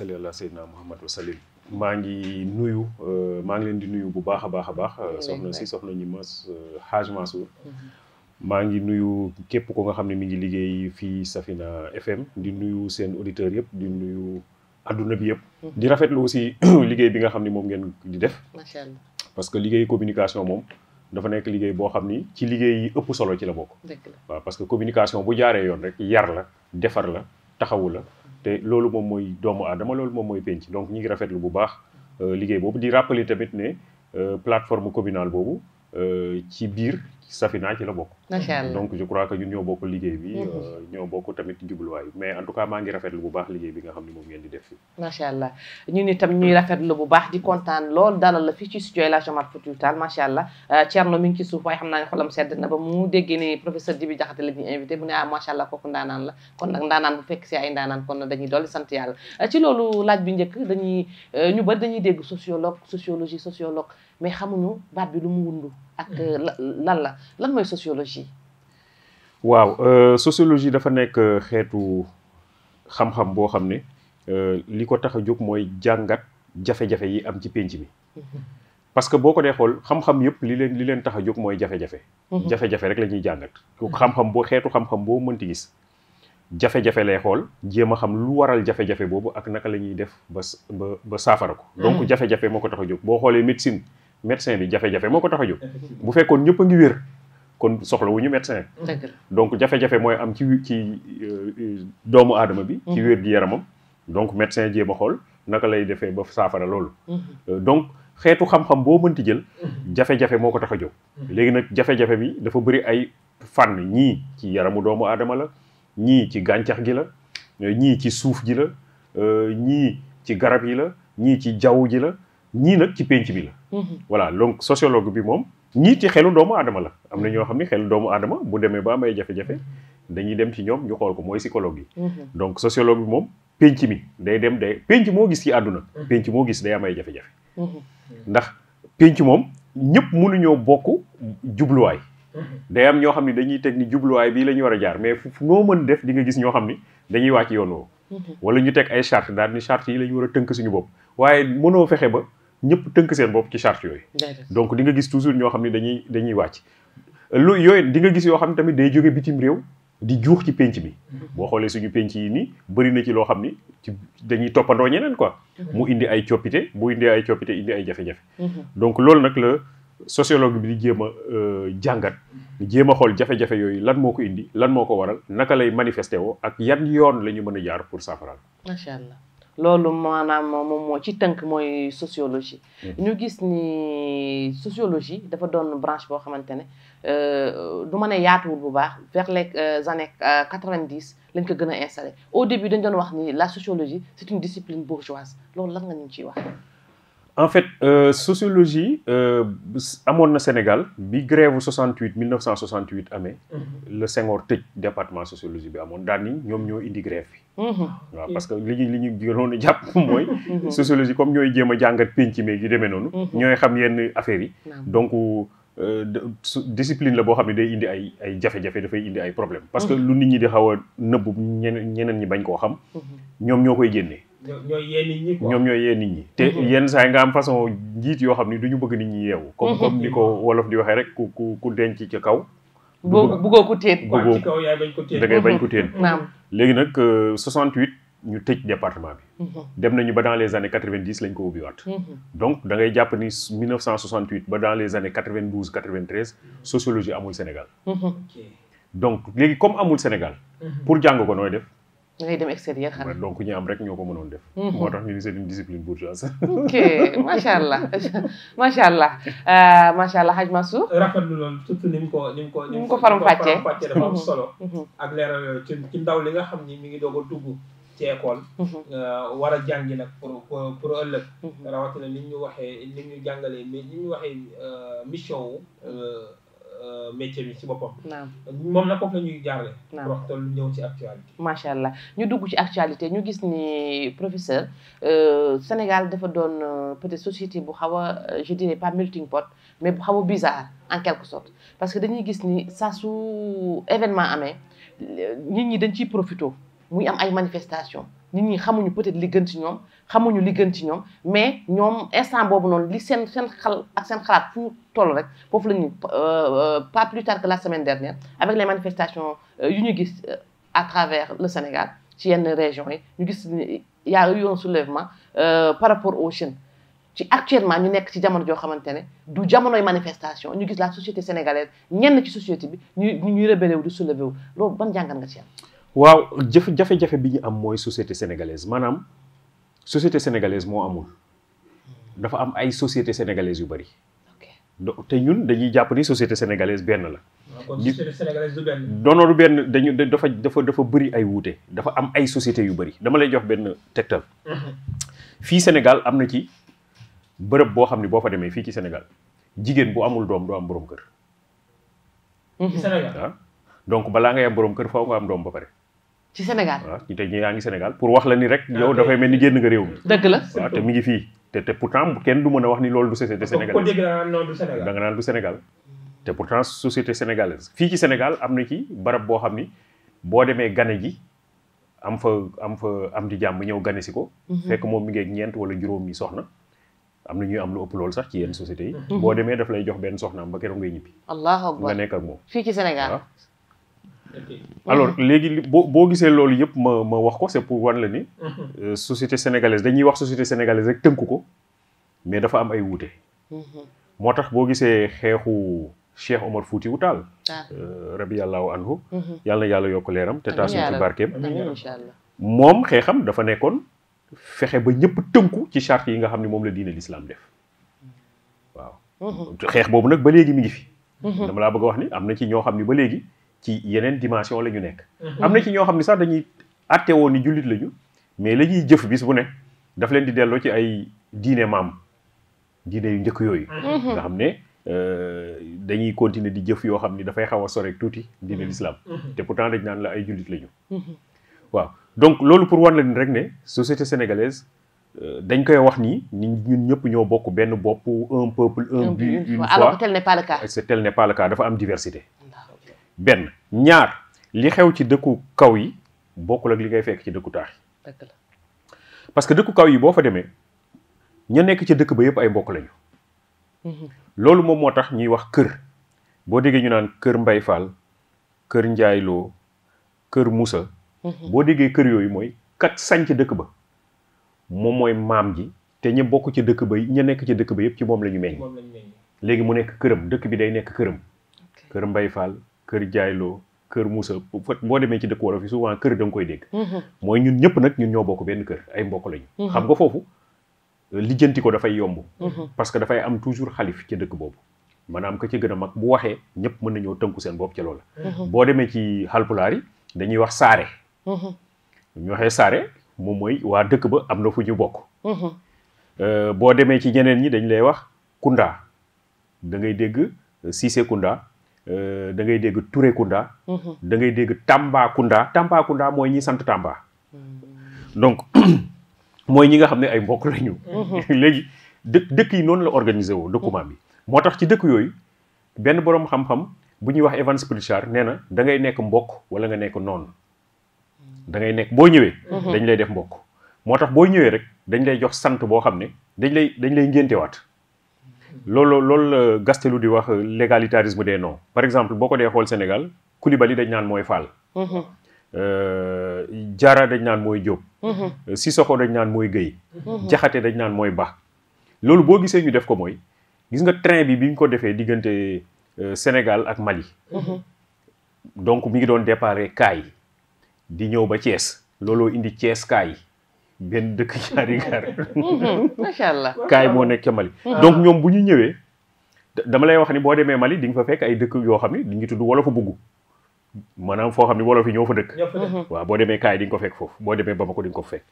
salli ala sayyidina muhammad wa maa ngi nuyu euh, maa ngi leen di nuyu bu baax a baax a baax euh, soxna si soxna ñi mas Haaj euh, Mansour mm-hmm. maa ngi nuyu képp ko nga xam ne mi ngi liggéey fii Safina FM di nuyu seen auditeurs yëpp di nuyu adduna bi yëpp mm-hmm. di rafetlu aussi liggéey bi nga xam ne moom ngeen di def macha parce que liggéey communication moom dafa nekk liggéey boo xam ni ci liggéey yi ëpp solo ci la bokk waaw parce que communication bu jaaree yoon rek yar la defar la taxawu la te loolu mom moy doomu adama loolu mom moy penc donc ñu ngi rafetlu bu baax euh, liggéey bobu di rappeler tamit ne euh, plateforme communale boobu euh, ci bir Safina ci la bokk. macha allah donc je crois que ñun ñoo bokk liggéey bi. Mhm. Euh, ñoo bokk tamit jubluwaay mais en tout cas maa ngi rafetlu bu baax liggéey bi nga xam ne moom ngeen di def fii. macha allah ñun itam ñuy rafetlu bu baax di kontaan lool dalal la fii ci studio El Hadj Omar Foutiyou Tall macha allah euh, Thierno mi mu déggee ni professeur Djibi Diakhaté la ñuy invité mu ne ah macha allah kooku ndaanaan la kon nag ndaanaan bu fekk si ay ndaanaan kon ak mm-hmm. euh, lan la lan mooy sociologie. waaw euh, sociologie dafa nekk euh, xeetu xam-xam boo xam ne li ko tax a jóg mooy jàngat jafe-jafe yi am ci pénc mi. Mm-hmm. parce que boo ko dee xool xam-xam yëpp li leen li leen tax a jóg mooy jafe-jafe. Mm-hmm. jafe-jafe la ñuy jàngat. xam-xam boo xeetu xam-xam boo mënti gis. jafe lay xool jéem a xam lu waral jafe-jafe boobu ak naka la ñuy def ba ba ba saafara ko. donc jafe-jafe moo ko tax a jóg boo xoolee médecine médecin bi jafe-jafe moo ko tax a jóg bu fekkoon ñëpp a ngi wér kon soxla wu ñu médecin donc jafe-jafe mooy am ci ci euh, euh, doomu aadama bi ci mhm. wér gi yaramam donc médecin jéem a xool naka lay defee ba saafara loolu mhm. euh, donc xeetu xam-xam boo mënti jël mhm. jafe-jafe moo ko tax léegi nag jafe bi dafa bëri ay fànn ñii ci yaramu doomu aadama la ñii ci gàncax gi la ñii ci suuf ji la ñii ci garab yi la ñii ci jaww ji la ñii nag ci pénc bi la Mm-hmm. voilà donc sociologue bi moom ñii ci xelu doomu aadama la am na ñoo xam ne xelu doomu aadama bu demee ba am ay jafe-jafe dañuy dem ci ñoom ñu xool ko mooy psychologue yi mm-hmm. donc sociologue bi moom pénc mi day dem day pénc moo gis ci àdduna mm-hmm. pénc moo gis day am ay jafe-jafe ndax pénc moom ñëpp mënuñoo bokk jubluwaay day am ñoo xam ne dañuy teg ni jubluwaay bii la ñu war a jaar mais fu noo mën def di nga gis ñoo xam ni dañuy wàcc yoon woo wala ñu teg ay charte daal ni charte yi la ñu war a tënk suñu bopp waaye fexe ba ñëpp tënk seen bopp ci charte yooyu donc di nga gis toujours ñoo xam ne dañuy dañuy wàcc lu yooyu di nga gis yoo xam ne tamit day jóge bitim réew di juux ci penc bi mhm. boo xoolee suñu penc yi nii bëri na ci loo xam ni ci dañuy toppandoo ñeneen quoi mhm. mu indi ay coppite bu indi ay coppite indi ay jafe-jafe mhm. donc loolu nag la sociologue bi di jéem a euh, jàngat jéem a xool jafe-jafe yooyu lan moo ko indi lan moo ko waral naka lay manifesté woo ak yan yoon la ñu mën a jaar pour saafaraal loolu maanaam moom moo ci tënk mooy sociologie. Hmm. ñu gis ni sociologie dafa doon branche boo xamante ne euh, du ma ne yaatuwul bu baax vers les euh, années 90, euh, vingt lañ ko gën a installé au début dañ doon wax ni la sociologie c'est une discipline bourgeoise loolu lan nga ñu ciy wax. en fait sociologie amoon na Sénégal bi grève 68 1968 amee. Mm-hmm. le Senghor tëj département sociologie bi amoon daan ni ñoom ñoo indi grève bi. Mmh. waaw parce que li ñu li ñu gënoon a jàpp mooy. Mmh. sociologie comme ñooy jéem a jàngat penc meeg yu deme noonu. Mmh. ñooy xam yenn affaires yi. donc euh, discipline la boo xam ne day indi ay ay jafe-jafe dafay indi ay problème parce que lu nit ñi di xaw a ñeneen ñi bañ koo xam. ñoom ñoo koy génnee. ñoom ñooy yee nit ñi. te yenn saa yi nga am façon njiit yoo xam ne du bëgg nit ñi yeewu. comme comme ni ko wolof di waxee rek ku ku ku denc ca kaw. boo bëggoo ko téen bëggoo ci kaw yaay bañ ko téen da ngay bañ ko mhm. téen naam léegi nag 68 euh, ñu tëj département bi mhm. dem nañu ba dans les années 90 lañ ko ubbiwaat mhm. donc da ngay jàpp ni 1968 ba dans les années 92 93 sociologie amul Sénégal donc léegi comme amul Sénégal pour jàng ko nooy def da ngay dem extérieur xanaa donc ñi am rek ñoo ko mënoon def. Mhm. moo tax ñu ni c'est une discipline bourgeoise. ok macha allah macha allah euh, macha allah Hadj Mansour. rafetlu loolu surtout ni mu ko ni ko. ni mu ko faram-fàccee dafa am mhm. solo. Mhm. ak leeral yooyu ci ci ndaw li nga xam ni mi ngi doo a dugg ci école. Euh, war a jàngi nag pour pour a ëllëg. rawatina ni ñu waxe ni ñu jàngalee ni ñu waxee euh, mission Euh, métier bi ci boppam. naam moom nag foofu la ñuy jaarale. naam waxtaan lu ñëw ci actualité. macha allah ñu dugg ci actualité ñu gis ni professeur euh, Sénégal dafa doon euh, peut-être société bu xaw a je dirais pas melting pot mais bu xaw a bizarre en quelque sorte parce que dañuy gis ni saa su événement amee nit ñi dañ ciy profité muy am ay manifestations nit ñi xamuñu peut-être li gën ci ñoom xamuñu li gën ci mais ñoom instant boobu noonu li seen seen xal ak seen euh, euh, pas plus tard que la semaine dernière avec les manifestations euh, à travers le Sénégal ci y a eu un soulèvement par rapport au ci actuellement ñu ci jamono du manifestation ñu gis la société sénégalaise ñenn ci société bi ñu ñuy wu wu ban nga ci bi ñu société sénégalaise société sénégalaise moo amul dafa am ay société sénégalaise yu bëri te ñun dañuy jàpp ni société sénégalaise benn la doono du benn dañu dafa dafa dafa bari ay wuute dafa am ay société yu bari dama lay jox benn tegtal mhm. fii Sénégal am na ci bërëb boo xam ne boo fa demee fii ci Sénégal jigéen bu amul doom doo am boroom kër ah. donc balaa ngay am boroom kër foo nga am doom ba pare ci Sénégal waaw te tey ñu yaa ngi Sénégal pour wax la ni rek yow ah, dafay mel ni génn nga réew mi dëgg la waaw te mi ngi fii kenn du mën a wax ni loolu du société sénégalaise da nga naan du Sénégal te pour pourtant société sénégalaise fii ci Sénégal am na ci barab boo xam ni boo demee gane ji am fa am fa am di jàmm ñëw gane si ko mhm. fekk moom mi ngi ñeent wala juróom yi soxna am na ñuy am lu ëpp loolu sax ci yenn sociétés yi mhm. boo demee daf lay jox benn soxnaam ba keroog ngay ñibbi allahu akbar nga nekk ak moom fii alors léegi boo boo gisee loolu yëpp ma ma wax ko c'est pour wan la ni. Mhm. Euh, société sénégalaise dañuy wax société sénégalaise rek tënku ko mais dafa am ay wuute. Mhm. moo tax boo gisee xeexu Cheikh Omar Foutiyou Tall. Ah. Euh, rabi yàllaahu anhu. Mhm. yàlla yàlla yokk leeram te taasuñ ci barkeem. moom xeexam dafa nekkoon fexe ba ñëpp tënku ci charte yi nga xam ne moom la diine l'islam def waaw. xeex boobu nag ba léegi mi ngi fi. dama laa bëgg a wax ni am na ci ñoo xam ne ba léegi. ci yeneen dimension la ñu nekk. Mhm. am na ci ñoo xam ne sax dañuy àtteewoo ni jullit lañu mais la ñuy jëf bis bu ne daf leen di delloo ci ay diine maam diine yu njëkk yooyu. Mhm. Mhm. nga xam ne euh, dañuy continuer di jëf yoo xam ni dafay xaw a sore tuuti diine l'islam. te pourtant dañ naan la ay jullit lañu. waaw donc loolu pour wan la rek ne société sénégalaise. Euh, dañ koy wax ni ñun ñëpp ñoo bokk benn bopp un peuple un but une foi tel n'est pas dafa am diversité benn ñaar li xew ci dëkku kaw yi bokkul ak li ngay fekk ci dëkku taax yi parce que dëkku kaw yi boo fa demee ña nekk ci dëkk ba yëpp ay mbokk lañu mhm. loolu moom moo tax ñuy wax kër boo déggee ñu naan kër Mbay Fall kër njaayloo kër Musa mhm. boo diggee kër yooyu mooy kat sañ ci dëkk ba moom mooy maam ji te ña bokk ci dëkk ba ña nekk ci dëkk ba yëpp ci moom la ñu meññ léegi mu nekk këram dëkk bi day nekk këram kër Mbay Fall kër jaayloo kër Moussa boo demee ci dëkk wolof yi souvent kër da nga koy dégg mhm. mooy ñun ñëpp nag ñun ñoo bokk benn kër ay mbokk lañu mhm. xam nga foofu lijjanti ko dafay yomb mhm. parce que dafay am toujours xalif ci dëkk boobu maanaam ka ci gën a mag bu waxee ñëpp mën nañoo tënku seen bopp ci loola boo demee ci xalpulaar yi dañuy wax saare ñu waxee saare moom mooy waa dëkk ba am na fu ñu bokk euh, boo demee ci ñeneen ñi dañ lay wax kunda da ngay dégg euh, Cissé kunda Euh, da ngay dégg Turekunda. Mhm. da ngay dégg Tambacounda. Tambacounda mooy ñi sant Tamba. donc mooy ñi nga xam ne ay mbokk lañu. Mhm. léegi dëkk yi noonu la organisé woo dëkkumaan bi. moo tax ci dëkk yooyu benn boroom xam-xam bu ñuy wax Evans Pritchard nee na da ngay nekk mbokk walla nga nekk noonu. dangay nekk boo ñëwee. Mhm. dañ lay def mbokk moo tax boo ñëwee rek dañ lay jox sant boo xam ne dañ lay dañ lay ngéntewaat. loolu loolu la Gastelou di wax l'égalitarisme de no par exemple boo ko dee xool Sénégal Koulibaly dañ naan mooy Fall. jara mhm. euh, dañ naan mooy jóg si mhm. Sissoko dañ naan mooy Guèye. Mhm. Diakhaté dañ naan mooy Ba. loolu boo gisee ñu def ko mooy gis nga train bi bi ñu ko defee diggante euh, Sénégal ak Mali. donc mi ngi doon déparé Kaay di ñëw ba Thiès looloo indi Thiès Kaay. benn dëkk ñaari gaar. Mhm, macha allah kaay moo nekk ca Mali. Mhm. donc ñoom bu ñu ñëwee. dama lay wax ni boo demee Mali di nga fa fekk ay dëkk yoo xam ne di ngi tudd wolof a bugg maanaam foo xam ne wolo fi ñoo fa dëkk. Mhm. waaw boo demee kaay di ko fekk foofu boo demee Bamako di nga ko fekk.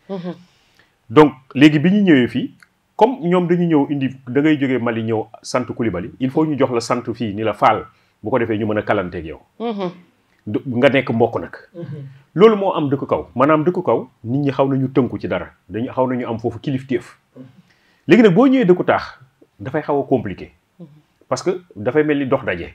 donc léegi bi ñu ñëwee fii comme ñoom dañu ñëw indi da ngay jógee Mali ñëw sant Coulibaly il faut ñu jox la sant fii ni la Fall bu ko defee ñu mën a kalanteeg yow. nga nekk mbokk nag. loolu moo am dëkk kaw maanaam dëkk kaw nit ñi xaw nañu tënku ci dara dañu xaw nañu am foofu kilifteef léegi nag boo ñëwee dëkku taax dafay xaw a compliqué parce que dafay mel ni dox daje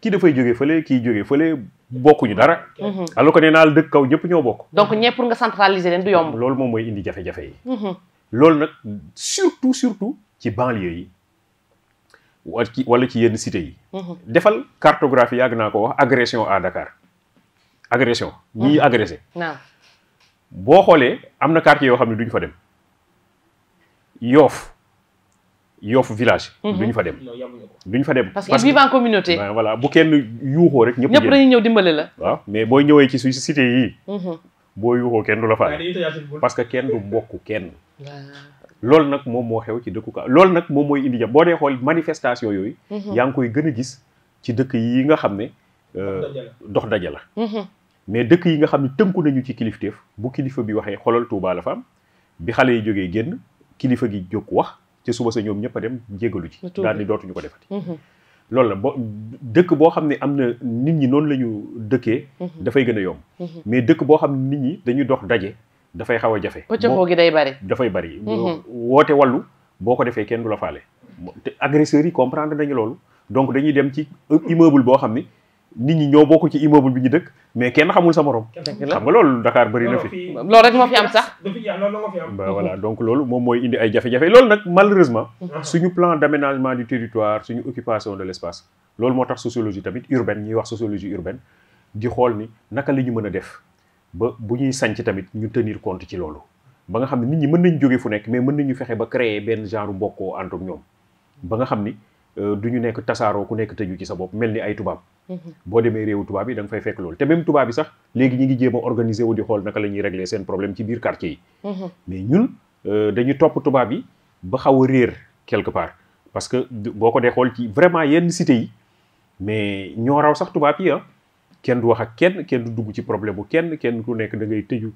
kii dafay jógee fële kii jógee fële bokkuñu dara. Mhm. alors ko nee naa la dëkk kaw ñëpp ñoo bokk. donc ñëpp pour nga centraliser leen du yomb. loolu moom mooy indi jafe-jafe yi. Mhm. loolu nag surtout surtout ci banlieue yi. wala ci yenn cité yi. Mhm. defal cartographie yàgg naa ko wax agression ñii agressé mm-hmm. boo xoolee am na quartier yoo xam ne duñ fa dem yoof yoof village mm-hmm. duñ fa dem duñ fa dem parce que vivent en communauté voilà bu kenn yuuxoo rek ñëpp dañuy ñëw dimbale la waaw mais booy ñëwee ci suñu cité yii mm-hmm. boo yuuxoo kenn du la faale parce que kenn du bokk kenn loolu nag moom moo xew ci dëkku ka loolu nag moom mooy indi jàmm boo dee xool manifestation yooyu yaa ngi koy gën a gis ci dëkk yi nga xam ne euh, dox daja la mais dëkk yi nga xam ne tënku nañu ci kilifteef bu kilifa bi waxee xolal Touba la fa bi xale yi jógee génn kilifa gi jóg wax ci suba sa ñoom ñëpp dem jégalu ci daal ni dootuñu ko defati mhm. loolu la dëkk boo xam ne am na nit ñi noonu la ñu mhm. dafay gën a yomb mhm. mais dëkk boo xam ne nit ñi dañuy dox daje dafay xaw a jafe pëccëxoo gi day bari dafay bari woote wallu boo ko defee kenn du la faale te agresseurs yi comprendre nañu loolu donc dañuy dem ci immeuble boo xam ni nit ñi ñoo bokk ci immeuble bi ñu dëkk mais kenn xamul sa morom. xam nga loolu Dakar bëri na fi. loolu rek moo fi am sax. ba voilà donc loolu moom mooy indi ay jafe-jafe loolu nag malheureusement. Ah. suñu plan d' aménagement du territoire suñu occupation de l' espace. loolu moo tax sociologie tamit urbaine ñuy wax sociologie urbaine di xool ni naka la ñu mën a def ba bu ñuy sànc tamit ñu tenir compte ci loolu. ba nga xam ne nit ñi mën nañ jóge fu nekk mais mën nañu fexe ba créer benn genre mbokkoo ànd ak ñoom ba nga xam ni. Euh, du ñu nekk tasaaroo ku nekk tëju ci sa bopp mel ni ay tubaab mhm. boo demee réewu tubaab yi da fay fekk loolu te même tubaab yi sax léegi ñu ngi jéem a organiser wu di xool naka la ñuy régler seen problème ci biir quartier yi mhm. mais ñun euh, dañu topp tubaab yi ba xaw a réer quelque part parce que boo ko dee xool ci vraiment yenn cité yi mais ñoo raw sax tubaab yi ah kenn du wax ak kenn kenn du dugg ci problème bu kenn kenn ku nekk da tëju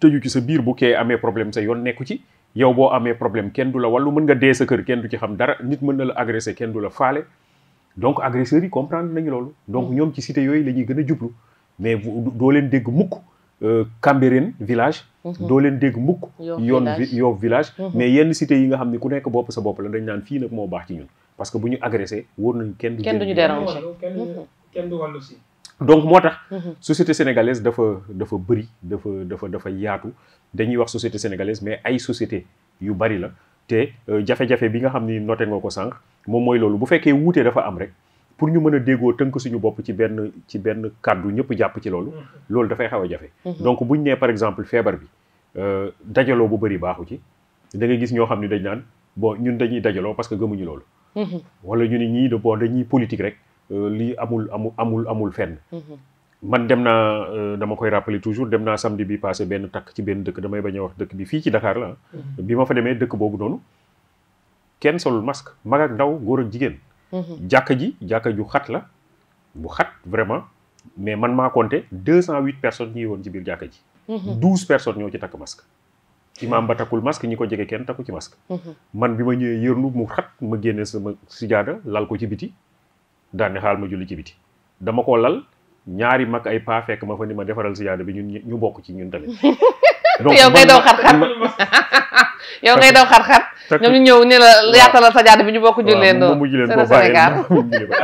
tëju ci sa biir bu kee amee problème sa yoon nekku ci yow boo amee problème kenn du la wàllu mën nga dee sa kër kenn du ci xam dara nit mën na la agressé kenn du la faale donc agresseurs yi comprendre nañu loolu donc ñoom ci cité yooyu la ñuy gën a jublu mais doo leen dégg mukk euh, Cambérène village mhm. doo leen dégg mukk yoon Yoff village mhm. mais yenn cité yi nga xam ne ku nekk bopp sa bopp la dañ naan fii nag moo baax ci ñun parce que bu ñu agressé wóor nañu kenn du kenn ñu déranger kenn du si donc moo tax. Mm-hmm. société sénégalaise dafa dafa bëri dafa dafa dafa yaatu dañuy wax société sénégalaise mais ay société yu bari la te euh, jafe-jafe bi nga xam ni noté nga ko sànq moom mooy loolu bu fekkee wuute dafa am rek pour ñu mën a déggoo tënk suñu bopp ci benn ci benn kàddu ñëpp jàpp ci loolu. Mm-hmm. loolu dafay xaw a jafe. Mm-hmm. donc buñ nee par exemple feebar bi euh, dajaloo bu bëri baaxu ci da nga gis ñoo xam ni dañ naan bon ñun dañuy dajaloo parce que gëmuñu loolu. wala ñu ni politique rek. Euh, lii amul amul amul amul fenn. Mhm. man dem naa euh, dama koy rappeler toujours dem naa samedi bi passé benn takk ci benn dëkk damay bañ a wax dëkk bi fii ci Dakar la mhm. bi ma fa demee dëkk boobu noonu kenn solul masque mag ndaw góor ak jigéen. Mhm. jàkka ji jàkka ju xat la bu xat vraiment mais man maa compté deux cent huit personnes ñi woon ci biir jàkka ji. douze personnes ñoo ci takk masque. imaam ba takkul masque ñi ko jege kenn takku ci masque. man bi ma ñëwee yërnu mu xat ma génne sam sijaada lal ko ci biti. daal ni xaal ma julli ci biti dama ko lal ñaari mag ay pa fekk ma fa ni ma defaral siyaada bi ñun ñu bokk ci ñun tamit donc yow ngay daw xar xar yow ngay daw xar xar ñoom ñu ñew ni la yaatalal sa jaada bi ñu bokk julleen do mu julleen ko baye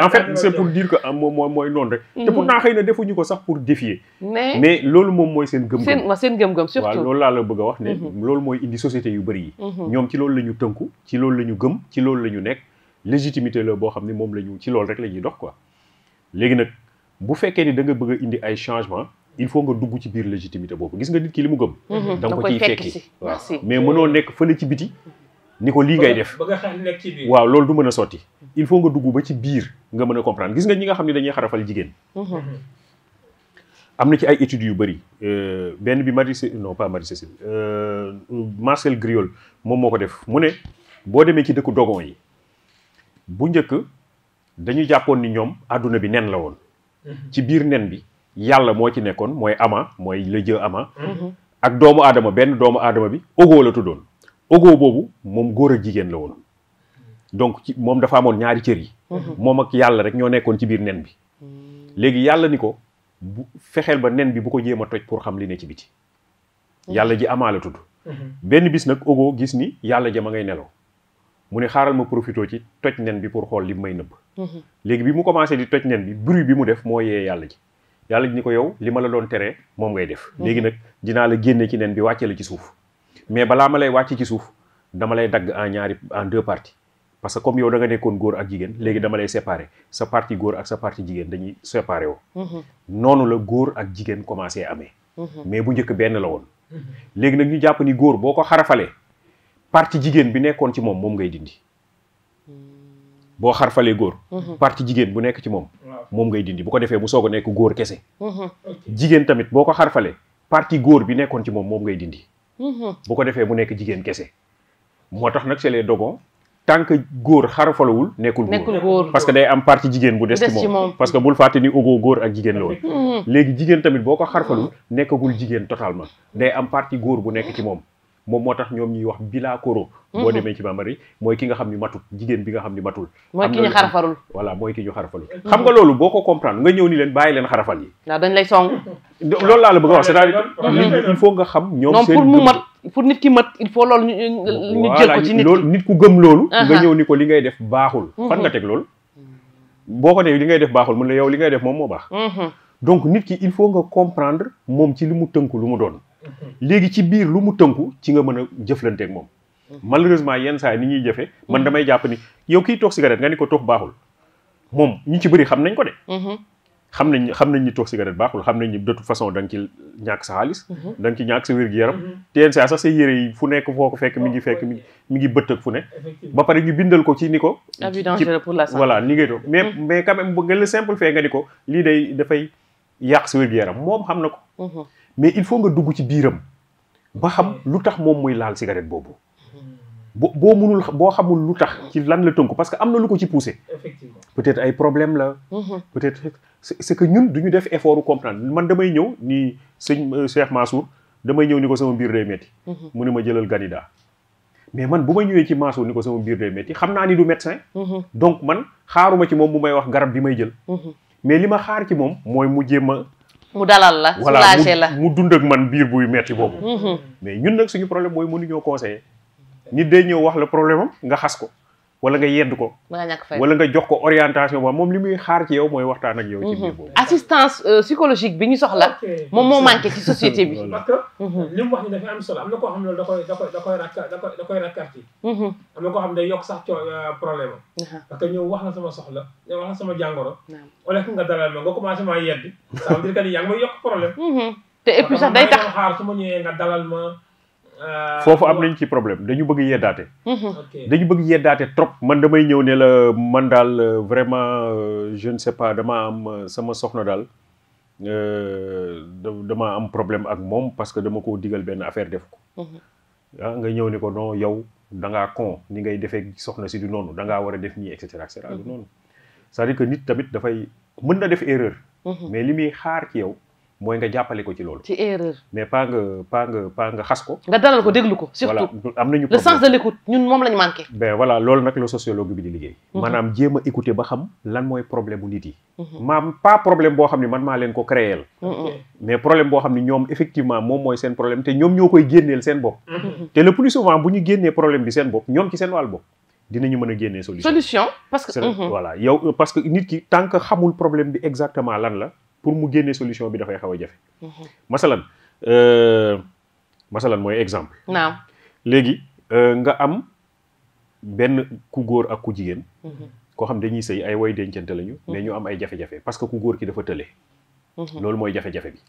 en fait c'est pour dire que ah, moom mooy moy non rek mm-hmm. te pourtant xeyna defu ñuko sax pour défier mais lolu mom moy seen gëm-gëm seen gëm-gëm surtout wa lolu la la bëgg wax ne mm-hmm. lolu moy indi société yu bari mm-hmm. ñom ci lolu lañu teunku ci lolu lañu gëm ci lolu lañu nekk légitimité la boo xam ne moom la ñu ci loolu rek la ñuy dox quoi léegi nag bu fekkee ni da nga bëgg indi ay changement il faut nga dugg ci biir légitimité boobu gis nga nit ki li mu gëm. Mhm. da nga ko ciy fekki waaw mais mënoo nekk fële ci biti. ni ko lii ngay def bëgg xam nekk ci biir waaw loolu du mën a sotti. il faut nga dugg ba ci biir nga mën a comprendre gis nga ñi nga xam ne dañuy xarafal jigéen. Mhm. am na ci ay études yu bëri euh, benn bi Marie non pas Marie Cécile euh, Marcel Griol moom moo ko def mu ne boo demee ci dëkku dogon yi. bu njëkk dañu jàppoon ni ñoom àdduna bi nen la woon mhm. ci biir nen bi yàlla moo ci nekkoon mooy ama mooy la dieu ama mhm. ak doomu adama benn doomu aadama bi ogoo la tuddoon ogoo boobu moom góor a jigéen la woon donc ci moom dafa amoon ñaari cër yi mhm. moom ak yàlla rek ñoo nekkoon ci biir nen bi léegi yàlla ni ko bu fexeel ba nen bi bu ko jéem ma toj pour xam li ne ci biti yàlla ji amaa la tudd benn bis nag ogoo gis ni yàlla ja ngay nelaw mu ne xaaral ma profité ci toj nen bi pour xool li may nëbb mhm. léegi bi mu commencé di toj nen bi bruit bi mu def moo yee yàlla ji yàlla ji ni ko yow li ma la doon teree moom ngay def mhm. léegi nag dinaa la génne ci nen bi wàcce la ci suuf mais balaa ma lay wàcc ci suuf dama lay dagg en ñaari en deux parties parce que comme yow da nekkoon góor ak jigéen léegi dama lay séparer sa partie góor ak sa partie jigéen dañuy séparer wo mhm. noonu la góor ak jigéen commencé amee mais bu njëkk benn la woon léegi nag ñu jàpp ni góor boo ko xarafalee parti jigéen bi nekkoon ci moom moom ngay dindi boo xarfalee góor mhm. parti jigéen bu nekk ci moom moom ngay dindi bu ko defee mu soog a nekk góor kese mhm. jigéen tamit boo ko xarfalee partie góor bi nekkoon ci moom moom ngay dindi mhm. bu ko defee mu nekk jigéen kese moo tax nag c'est les dogons tant que góor xarfalawul nekkul góor parce que day am parti jigéen bu des ci moom parce que bul fàtte ni ogo góor ak jigéen la woon léegi jigéen tamit boo ko xarfalul nekkagul jigéen totalement day am parti góor bu nekk ci moom moom moo tax ñoom ñuy wax bila koro mm-hmm. boo demee ci bambari mooy ki nga xam ni matul jigéen bi nga xam ni matul mooy ki ñu xarafalul voilà mooy ki mm-hmm. xam nga loolu boo ko comprendre nga ñëw ni leen bàyyi leen xarafal yi waaw dañ lay song loolu laa la bëgg a wax c'est-à-dire nga xam ñoom seen pour mu mat pour nit ki mat il faut loolu ñu jël ko ci nit loolu nit ku gëm loolu nga ñëw ni ko li ngay def baaxul mm-hmm. fan nga teg loolu boo ko ne li ngay def baaxul mun la yow li ngay def moom moo baax donc nit ki il faut nga comprendre moom ci li mu tënk lu mu doon léegi ci biir lu mu tënku ci nga mën a jëflanteeg moom malheureusement yenn saa ni ñuy jëfe man damay jàpp ni yow kiy toog cigarette nga ni ko tox baaxul moom ñu ci bëri xam nañ ko de mhm. xam nañ xam nañ cigarette baaxul xam nañ ni de toute façon da nga ci ñàkk sa xaalis mhm. da ci ñàkk sa wér-gu-yaram mhm. te yenn saa sax sa yére yi fu nekk foo ko fekk mi ngi oh, fekk mi ngi bëttëg fu ne ba pare ñu bindal ko ci ni ko abus dangereux pour la santé voilà li ngay toog mais mais quand ko lii day dafay yàq sa wér-gu-yaram moom xam na ko mais il faut nga dugg ci biiram ba xam hmm. lu tax moom muy laal cigarette boobu hmm. bo boo munul boo xamul lu tax ci lan la tënku parce que am na lu ko ci poussé effectivement peut-être ay problème la hmm. peut-être c'est que ñun duñu def effort comprendre man damay ñëw ni sëñ euh, Cheikh Mansour damay ñëw ni ko sama biir day métti mu ne ma jëlal Ganida mais man bu ma ñëwee ci Mansour ni ko sama biir day métti xam naa ni du médecin donc man xaaruma ci moom mu may wax garab bi may jël ma xaar ci moom mooy mu mu dalal la soulagé la mu dund ak man biir buy metti boobu mm-hmm. mais ñun nag suñu problème mooy mënuñoo conseiller nit day ñëw wax la problème nga xas ko wala nga yedd ko. wala nga jox ko orientation ba moom li muy xaar ci yow mooy waxtaan mhm. assistance euh, psychologique bi ñu soxla. moom moo manqué ci société bi. Mhm. am na koo xam da koy da koy da koy da koy ràkkaati. Mhm. am na koo xam ne day yokk sax coo euh, problème am. parce que ñëw wax na sama soxla ñëw wax na sama jàngoro. wala ku nga dalal ma nga commencé maa yedd. ça veut yokk problème. te et puis sax day tax su ma ñëwee nga dalal ma. Euh, foofu am nañ ci problème dañu bëgg yeddaate mhm. dañu bëgg yeddaate trop man damay ñëw ne la man daal euh, vraiment euh, jeune ne sais pas dama am sama soxna daal dama am problème ak moom parce que dama ko digal benn affaire def ko mhm. ah, nga ñëw ne ko non yow da ngaa ni ngay defee soxna si du noonu da war a def nii et cetera et cetera du mhm. noonu cest dire que nit tamit dafay mën na def erreur mais li muy xaar ci yow mooy nga jàppale ko ci loolu. ci erreur. mais pas nga pas nga pas nga xas ko. nga dalal ko déglu ko. surtout am nañu mhm. mhm. boo xam ne man maa leen ko mhm. boo xam ne ñoom effectivement moom mooy seen problème te ñoom ñoo koy génneel seen bopp. te le plus souvent ñu problème bi seen bopp ñoom ci seen wàll bopp. dinañu mën a génnee solution. parce que. voilà yow nit ki tant que xamul problème bi exactement lan la pour mu génne solution bi dafay xaw a jafe. Mhm. masalan euh, masalan mooy exemple. naam léegi euh, nga am benn ku góor ak ku jigéen. Mhm. koo xam dañuy sëy ay way dencante lañu. Mhm. mais ñu am ay jafe-jafe parce que ku góor ki dafa tële. loolu mooy jafe-jafe bi.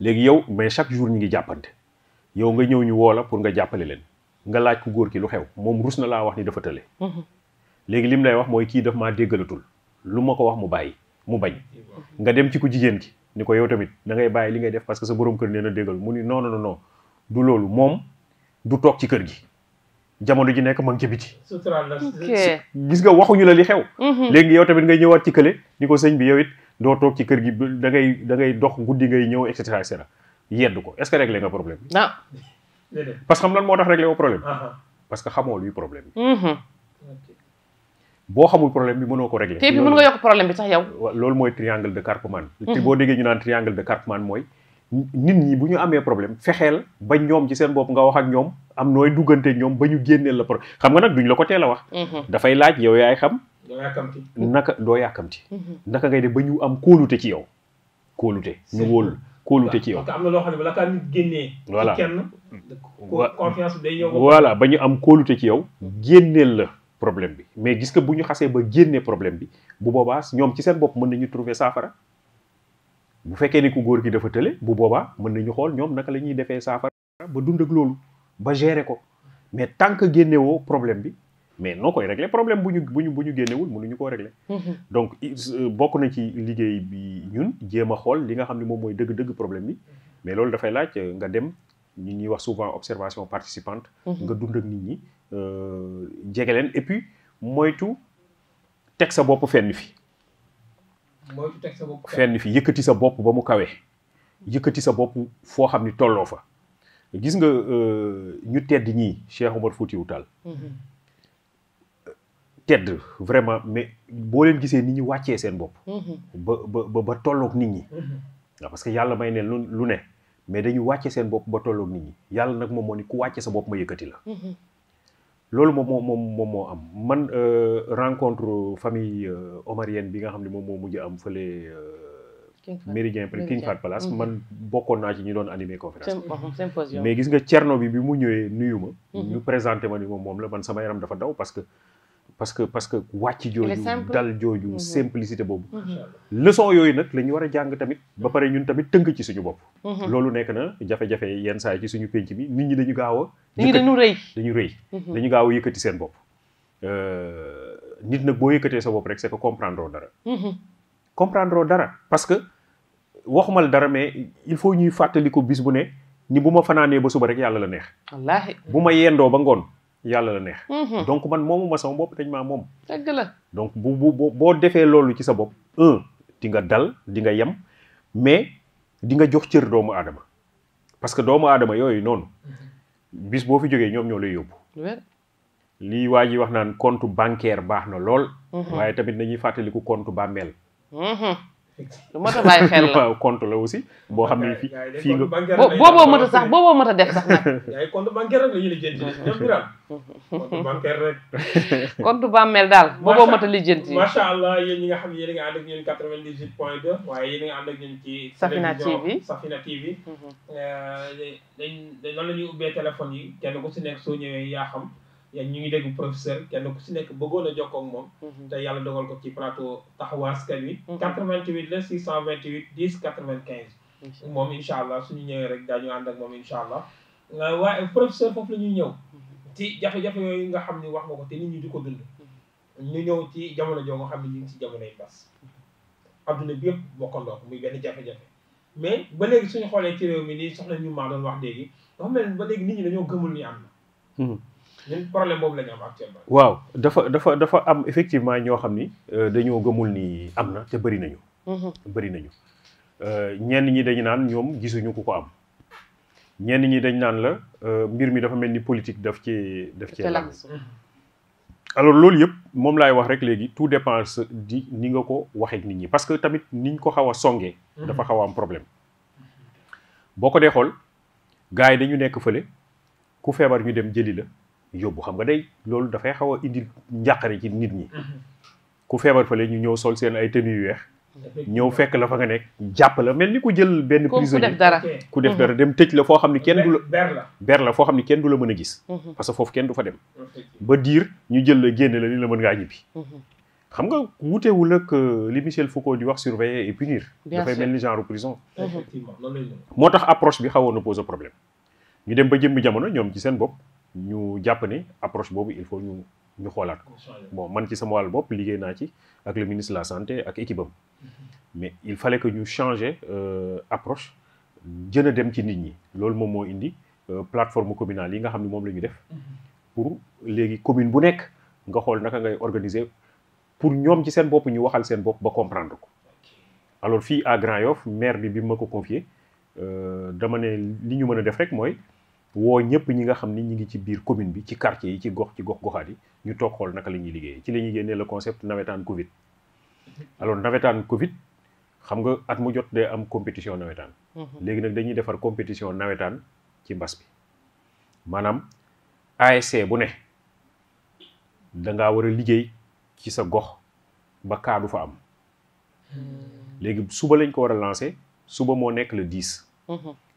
léegi yow mais chaque jour ñu ngi jàppante yow nga ñëw ñu woola pour nga jàppale leen nga laaj ku góor ki lu xew moom rus na laa wax ni dafa tële. léegi lim lay wax mooy kii daf maa déggalatul lu ma ko wax mu bàyyi. mu bañ nga dem ci ku jigéen ki ni ko yow tamit da ngay bàyyi li ngay def parce que sa borom kër nee na mu ni non non non du loolu moom du toog ci kër gi jamono ji nekk ma ngi ci biti. gis nga waxuñu la li xew. Mhm. léegi yow tamit ngay ñëwaat ci kële ni ko sëñ bi yow it doo toog ci kër gi dangay dangay dox guddi ngay ñëw et cetera et cetera yedd ko est que réglé nga problème bi. ah. parce que xam lan moo tax réglé wu problème. parce que xamoo luy problème boo xamul problème bi mënoo ko régler. te bi nga yokk problème bi sax yow. loolu mooy triangle de Karpman. Mhm. boo déggee ñu naan triangle de Karpman mooy. nit ñi bu ñu amee problème fexeel ba ñoom ci seen bopp nga wax ak ñoom am nooy duggante ñoom ba ñu génneel la problème xam nga nag duñ la ko teel a wax. Mhm. dafay laaj yow yaay xam. doo yàkkamti naka doo yàkkamti. Mhm. naka ngay def ba ñu am kóolute ci yow. kóolute ñu wóolu kóolute ci yow. parce am na loo xam ne balaa kaa nit génnee. voilà ci kenn confiance day ñëw. voilà ba ñu am kóolute ci yow génneel la. problème bi mais gis nga buñu xasse ba génné problème bi bu boba ñom ci seen bop mën nañu trouver safara bu fekkee ni ku góor gi dafa télé bu boba mën nañu xol ñom naka lañuy défé safara ba dund ak lolu ba gérer ko mais tant que wo problème bi mais noo koy régler problème buñu buñu buñu génné wul mënuñu ko régler mm-hmm. donc euh, bokku na ci liggéey bi ñun jéem xol li nga xamni mom moy mooy dëgg problème bi mm-hmm. mais lolu da fay laacc euh, nga dem ñi ñi wax souvent observation participante mm-hmm. nga dund ak nit ñi Euh, jege leen et puis moytu teg sa bopp fenn fi. moytu fenn fi yëkkati sa bopp ba mu kawee yëkkati sa bopp foo xam ni tolloo fa. gis nga euh, ñu tedd ñii Cheikh Omar Foutiyou Tall. Mhm. tedd vraiment mais boo leen gisee nit ñi wàccee seen bopp. Mhm. ba ba ba nit ñi. Mhm. waaw parce que yàlla may ne lu lu ne mais dañu wàcce seen bopp ba tolloog nit ñi yàlla nag moom moo ni ku wàcce sa bopp ma yëkkati la. loolu moom moo moom moom moo am man euh, rencontre famille euh, omarienne bi nga xam ne moom moo mujj am fële. Euh, méridien près King Fahd Palace man bokkoon naa ci ñu doon animer conférence mais gis nga Thierno bi bi mu ñëwee nuyu ma. Mhm. ñu présenté ma ni moom moom la man sama yaram dafa daw parce que. parce que parce que wàcc jooju dal jooju mhm. simplicité boobu mhm. leçon yooyu nag la ñu war a jàng tamit ba pare ñun tamit tënk ci suñu bopp mhm. loolu nekk na jafe-jafe yenn saa yi ci suñu penc bi nit ñi dañu gaaw a dañu rëy dañu rëy dañu gaaw a yëkkati seen bopp euh, nit nag boo yëkkatee sa bopp rek c'est ko comprendre dara comprendre dara parce que waxumal dara mais il faut ñuy fàttaliku bis bu ne ni bu ma fanaanee ba suba rek yàlla la neex wallaahi bu ma yendoo ba ngoon yàlla la neex. Mm-hmm. donc man moomu ma sama bopp dañ maa moom. dëgg la donc bu bu boo defee loolu ci sa bopp. un di nga dal di nga yem mais di nga jox cër doomu aadama parce que doomu aadama yooyu noonu mm-hmm. bis boo fi jógee ñoom ñoo lay yóbbu. lii waa ji wax naan compte bancaire baax na lool. Mm-hmm. waaye tamit nañuy fàttaliku compte bàmmeel. lu mot a bàyyi xel la waaw la aussi boo xam ne fii fii nga booboo mot a sax booboo mot a def sax nag yaay compte bancaire rek la ñuy lijjanti ñoom biram compte bancaire rek compte bàmmeel daal booboo mat a lijjanti macha allah yéen ñi nga xam ne yéen a ngi ànd ak ñun 98 point 2 waaye yéen a ngi ànd ak ñun ci Safina TV Safina TV mhm. euh, dañ dañ noonu la ñuy ubbee téléphone yi kenn ku si nekk soo ñëwee yaa xam yaa ñu ngi dégg professeur kenn ku si nekk bëggoon a jokkoo ak moom mhm. te yàlla dogal ko ci plateau taxawu askan wi 88 mhm. la 628 10 95 moom incha allah suñu ñëwee rek daañu ànd ak moom incha allah euh, waaye professeur foofu la ñuy ñëw mhm. ci jafe-jafe yooyu nga xam ni wax nga ko te nit ñi di ko dund ñu ñëw ci jamono joo nga xam ne ñu ngi ci jamono yi mbas adduna bi yëpp bokkandoo ko muy benn jafe-jafe mais ba léegi suñu xoolee ci réew mi nii soxna ñu maa doon wax léegi dafa mel ba léegi nit gëmul ni problème boobu la waaw dafa dafa dafa am effectivement ñoo xam ni euh, dañoo gëmul ni am na te bëri nañu. Mm-hmm. bëri nañu euh, ñenn ñi dañu naan ñoom gisuñu ku ko am. ñenn ñi dañ naan la euh, mbir mi dafa mel ni politique daf cee daf cee lan mm-hmm. alors loolu yëpp moom laay wax rek léegi tout dépend di ni nga ko waxee nit ñi parce que tamit niñ ko xaw a songee mm-hmm. dafa xaw a am problème boo ko dee xool gars yi dañu nekk fële ku feebar ñu dem jëli la yóbbu xam nga day loolu dafay xaw a indi njàqare ci nit ñi mhm. ku feebar fale ñu ñëw sol seen ay tenues yu weex ñëw fekk la fa nga nekk jàpp la mel ni ku jël benn prisonnier ku def dara ku def dara dem tëj la foo xam ne kenn du la ber la foo xam ne kenn du la mën a gis mhm. parce que foofu kenn du fa dem ba diir ñu jël la génne la ni la mën ngaa ñibbi mhm. xam nga wuutewul ak euh, li Michel Foucault di wax surveiller et punir dafay mel ni genre prison moo tax approche bi xawoon na pose problème ñu dem ba jëmmi jamono ñoom ci seen bopp ñu jàpp approche bobu il faut ñu ñu xoolaat ko bon man ci sama wal bop liggéey naa ci ak le ministre de la santé ak équipe am mhm. mais il fallait que ñu changer euh, approche jën dem ci nit ñi lool mom mo indi euh, plateforme communale yi nga xamni mom lañu def mhm. pour légui commune bu nek nga xol naka ngay organiser pour ñom ci sen bop ñu waxal sen bop ba comprendre ko alors fi à Grand Yoff maire bi bi mako confier confier euh, dama ne li ñu mëna def rek moy woo ñëpp ñi nga xam ni ñi ngi ci biir commune bi ci quartier yi ci gox ci gox goxaat yi ñu toog xool naka la ñuy liggéeyee ci la ñuy génnee le concept nawetaan Covid alors nawetaan Covid xam nga at mu jot day am compétition nawetaan. Mhm. léegi nag dañuy defar compétition nawetaan ci mbas bi maanaam ASC bu ne da ngaa war a liggéey ci sa gox ba kaadu fa am. Hmm. léegi suba lañ ko war a lancer suba moo nekk le 10.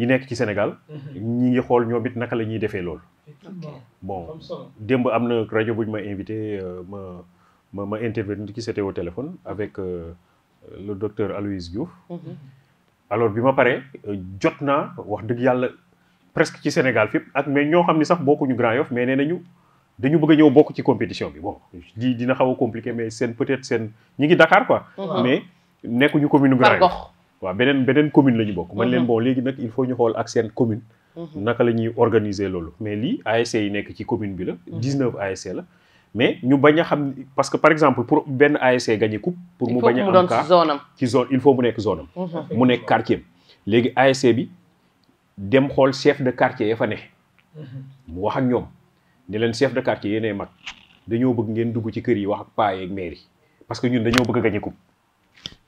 yi nekk ci Sénégal. Mhm. ñi ngi xool ñoom it naka la ñuy defee loolu. bon démb am na rajo bu ma invité euh, ma ma ma intervenir ci c'était au téléphone avec euh, le docteur Aloïse Diouf. Mhm. alors bi ma paree euh, jot naa wax dëgg yàlla presque ci Sénégal fépp ak mais ñoo xam ni sax ñu Grand Yoff mais nee nañu dañu bëgg ñëw bokk ci compétition bi bon lii dina xaw a compliqué mais seen peut-être seen ñi ngi Dakar quoi. Mhm. mais nekkuñu commune Grand Yoff waaw beneen beneen commune la ñu bokk. man leen mhm. bon léegi nag il faut ñu xool ak seen commune. Mhm. naka la ñuy organiser loolu. mais lii ASC yi nekk ci commune bi la. 19 mhm. ASC la mais ñu bañ a xam parce que par exemple pour benn ASC gagné coupe. pour mu bañ a am cas ci il faut mu nekk zone am. mu nekk quartier léegi ASC bi dem xool chef de quartier ya fa ne. mu wax ak ñoom ne leen chef de quartier yéenay mag dañoo bëgg ngeen dugg ci kër yi wax ak paa yeeg maire yi parce que ñun dañoo bëgg a gagné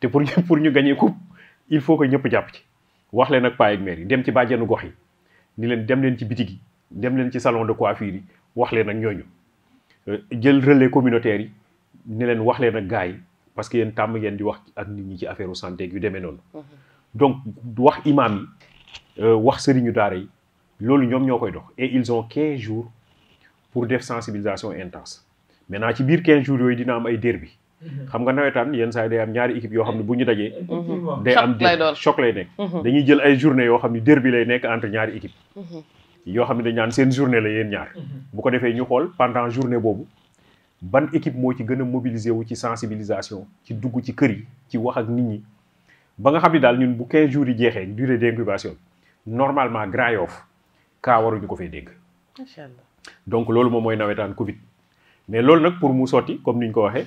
te pour ñu pour ñu gagné coupe. il faut que ñëpp jàpp ci wax leen ak paa ak yi dem ci bàjjenu gox yi ni leen dem leen ci bitig yi dem leen ci salon de coiffure yi wax leen ak ñooñu euh, jël relais communautaire yi ni leen wax leen ak gars yi parce que yéen tàmm ngeen di wax ak nit ñi ci affaire santé yu demee noonu. donc wax imam yi euh, wax sëriñu daara yi loolu ñoom ñoo koy dox et ils ont quinze jours pour def sensibilisation intense maintenant ci biir quinze jours yooyu dina am ay derby Mhm. xam nga nawetaan yenn saa yi am ñaari équipe yoo xam ne bu ñu dajee day am di choc lay nekk mhm. dañuy jël ay journée yoo xam ne derby lay nekk entre ñaari équipe mhm. yoo xam ne dañ naan seen journée la yéen ñaar bu ko defee ñu xool pendant journée boobu ban équipe moo ci gën a mobiliser wu ci sensibilisation ci dugg ci kër yi ci wax ak nit ñi ba nga xam ne daal ñun bu 15 jours yi jeexee durée d'incubation normalement Grand Yoff kaa waruñu ko fee dégg donc loolu moom mooy nawetaan Covid mais loolu nag pour mu sotti comme ni ñu ko waxee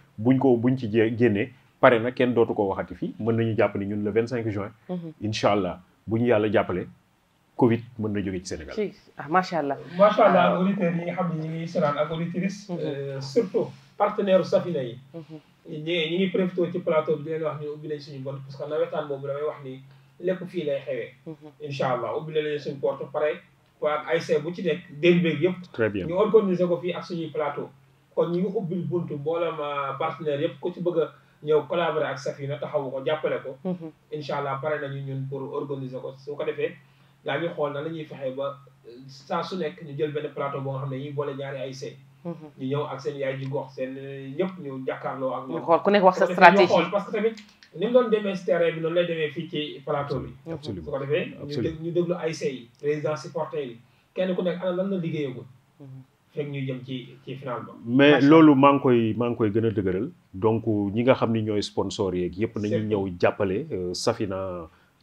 buñ ko buñ ci génnee pare na kenn dootu ko waxati fii mën nañu jàppale ñun ñun le 25 juin. Mhm. incha allah bu ñu yàlla jàppale. Covid mën na jóge ci Sénégal. ah macha allah. macha allah auditeurs yi nga xam ne ñu ngi saraan ak auditrices. Mhm. Euh, surtout partenaires Safina yi. ñu mhm. ñu ngi ci plateau bi di wax ni ubbi nañ suñu bon parce que nawetaan boobu damay wax ni lépp fii lay xewee. incha allah ubbi nañ suñu porte pare waa ak ASC bu ci nekk démb beeg ko fii ak suñuy plateau. kon ñu ngi ubbil buntu mboolem euh, partenaire yëpp ku ci bëgg a ñëw collaborer ak na taxawu ko jàppale ko. Mm-hmm. incha allah pare nañu ñun pour organiser ko su ko defee daa ñuy na la ñuy fexe ba euh, saa su nekk ñu jël benn plateau boo xam ne ñuy boole ñaari ay seen. Mm-hmm. ñu ñëw ak seen yaay ji euh, ñëpp ñu jàkkaarloo ak. ñu xool ku nekk wax sa stratégie ñu parce que tamit ni mu doon demee lay demee ci plateau bi. Mm-hmm. ko defee ñu déglu ay seen yi président supporter yi kenn ku nekk ana lan la liggéeyagul. fekk ci ci mais loolu maa ngi koy maa ngi koy gën a dëgëral. donc ñi nga xam ni ñooy sponsor yeeg yëpp nañu ñëw jàppale euh, Safina.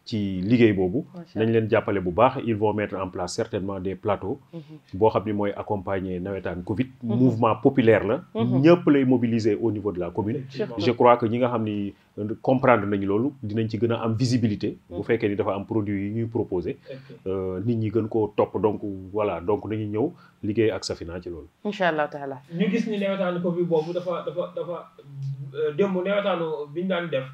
ci liggéey boobu nañ leen jàppale bu baax ils vont mettre en place certainement des plateaux mhm. boo xam ni mooy accompagner nawetaan Covid mhm. mouvement populaire la mhm. ñëpp lay mobiliser au niveau de la commune je crois que ñi nga euh, comprendre nañ lolu dinañ ci gëna am visibilité bu fekkee ni dafa am produit yi ñuy proposer euh, nit ñi gën ko top donc voilà donc nañu ñëw liggéey ak Safina ci lolu inshallah taala ñu gis ni nawetaan Covid bobu dafa dafa dafa euh, dembu nawetaanu biñ ñu daan def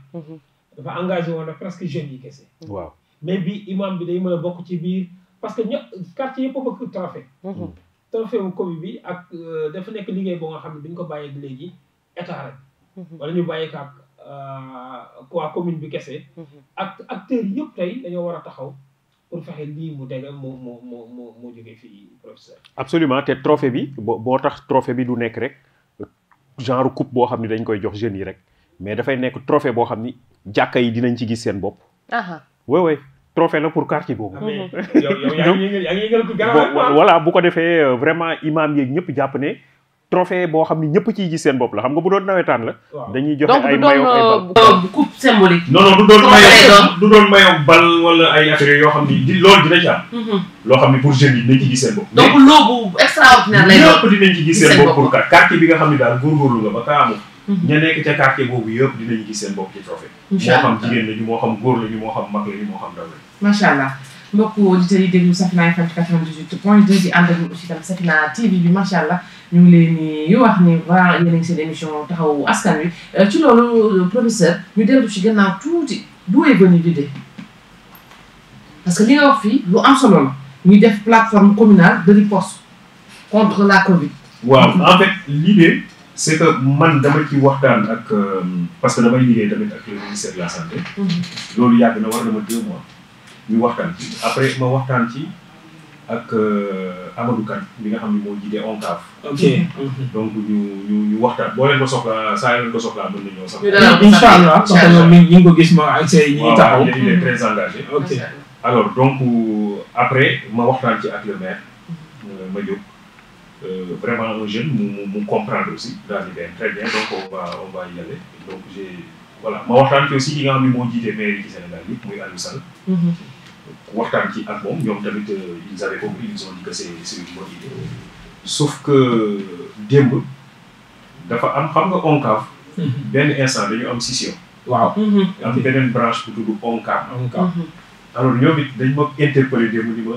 dafa engagé la presque jeunes yi kese. waaw mais bi imam bi day mën a bokk ci biir parce que ño quartier yëpp a bëgg trophée. Mhm. trophée bi ak euh, dafa nekk liggéey boo nga xam ne bi ñu ko bàyyee léegi état mhm. wala ñu bàyyi ko ak euh, waa bi kese. Mhm. ak tey dañoo war a taxaw. pour fexe lii mu dégg moo moo moo moo jógee fii professeur. absolument te trophée bi boo tax trophée bi du nekk rek genre coupe boo xam ne dañ koy jox jeunes yi rek. mais dafay nekk trophée boo xam ni jàkka yi dinañ ci gis seen bopp. oui oui trophée la pour quartier boobu. Ah, yow yow bu ko defee euh, vraiment imam yeeg ñëpp jàpp ne. trophée boo xam ne ñëpp ciy gis seen bopp la xam nga bu doon nawetaan la. dañuy joxe ay mayo ay euh, bal coupe symbolique. du doon mayo du doon mayo bal wala ay affaire yoo xam ni di loolu dina ci mhm. loo xam ne pour jeunes yi dinañ ci gis seen bopp. donc loobu extraordinaire lay doon ñëpp dinañ ci gis seen bopp pour quartier bi nga xam ne daal góorgóorlu nga ba kaa amul. Mhm. ña nekk ca quartier boobu yëpp dinañ gis seen bopp ci trophée incha allah moo xam jigéen la ñu moo xam góor la ñu moo xam mag la ñu moo xam ndaw la ñu. macha allah mbokk auditeurs yi déglu Safina FM 98 point 2 di ànd ak ñun aussi tam Safina TV bi macha allah ñu ngi leen di wax ni waa yéen a ngi seen émission taxawu askan wi euh, ci loolu euh, professeur ñu dellu ci gannaaw tuuti d'où est venue l'idée parce que li nga wax fii lu am solo la ñu def plateforme communale de riposte contre la Covid. waaw en fait l'idée c'est que man dama ci waxtaan ak parce que damay liggéey tamit ak le ministère de la santé loolu yàgg na war na ma deux mois ñu waxtaan ci après ma waxtaan ci ak Amadou kan bi nga xam ne moo jiite ONCAV. ok donc ñu ñu ñu waxtaan boo leen ko soxlaa saa leen ko soxlaa mën nañoo sax. incha allah parce ñu ngi ko gis ma ak say ñi taxaw. waaw il est très engagé. ok alors donc après ma waxtaan ci ak le maire ma jóg Euh, vraiment un jeune mu mu comprendre aussi daal di très bien donc on va on va y donc j'ai voilà ma waxtaan ci aussi ki nga xam moo jiite mairie ci Sénégal yëpp muy Aliou Sall. Mhm. waxtaan ci ak moom ñoom tamit euh, ils ko compris ils ont dit que c'est c'est sauf que démb dafa am xam nga ONCAV. Mhm. benn instant dañu am scission. waaw mhm. am beneen branche on tudd ONCAV. ONCAV alors ñoom it dañ ma interpellé démb ni ma.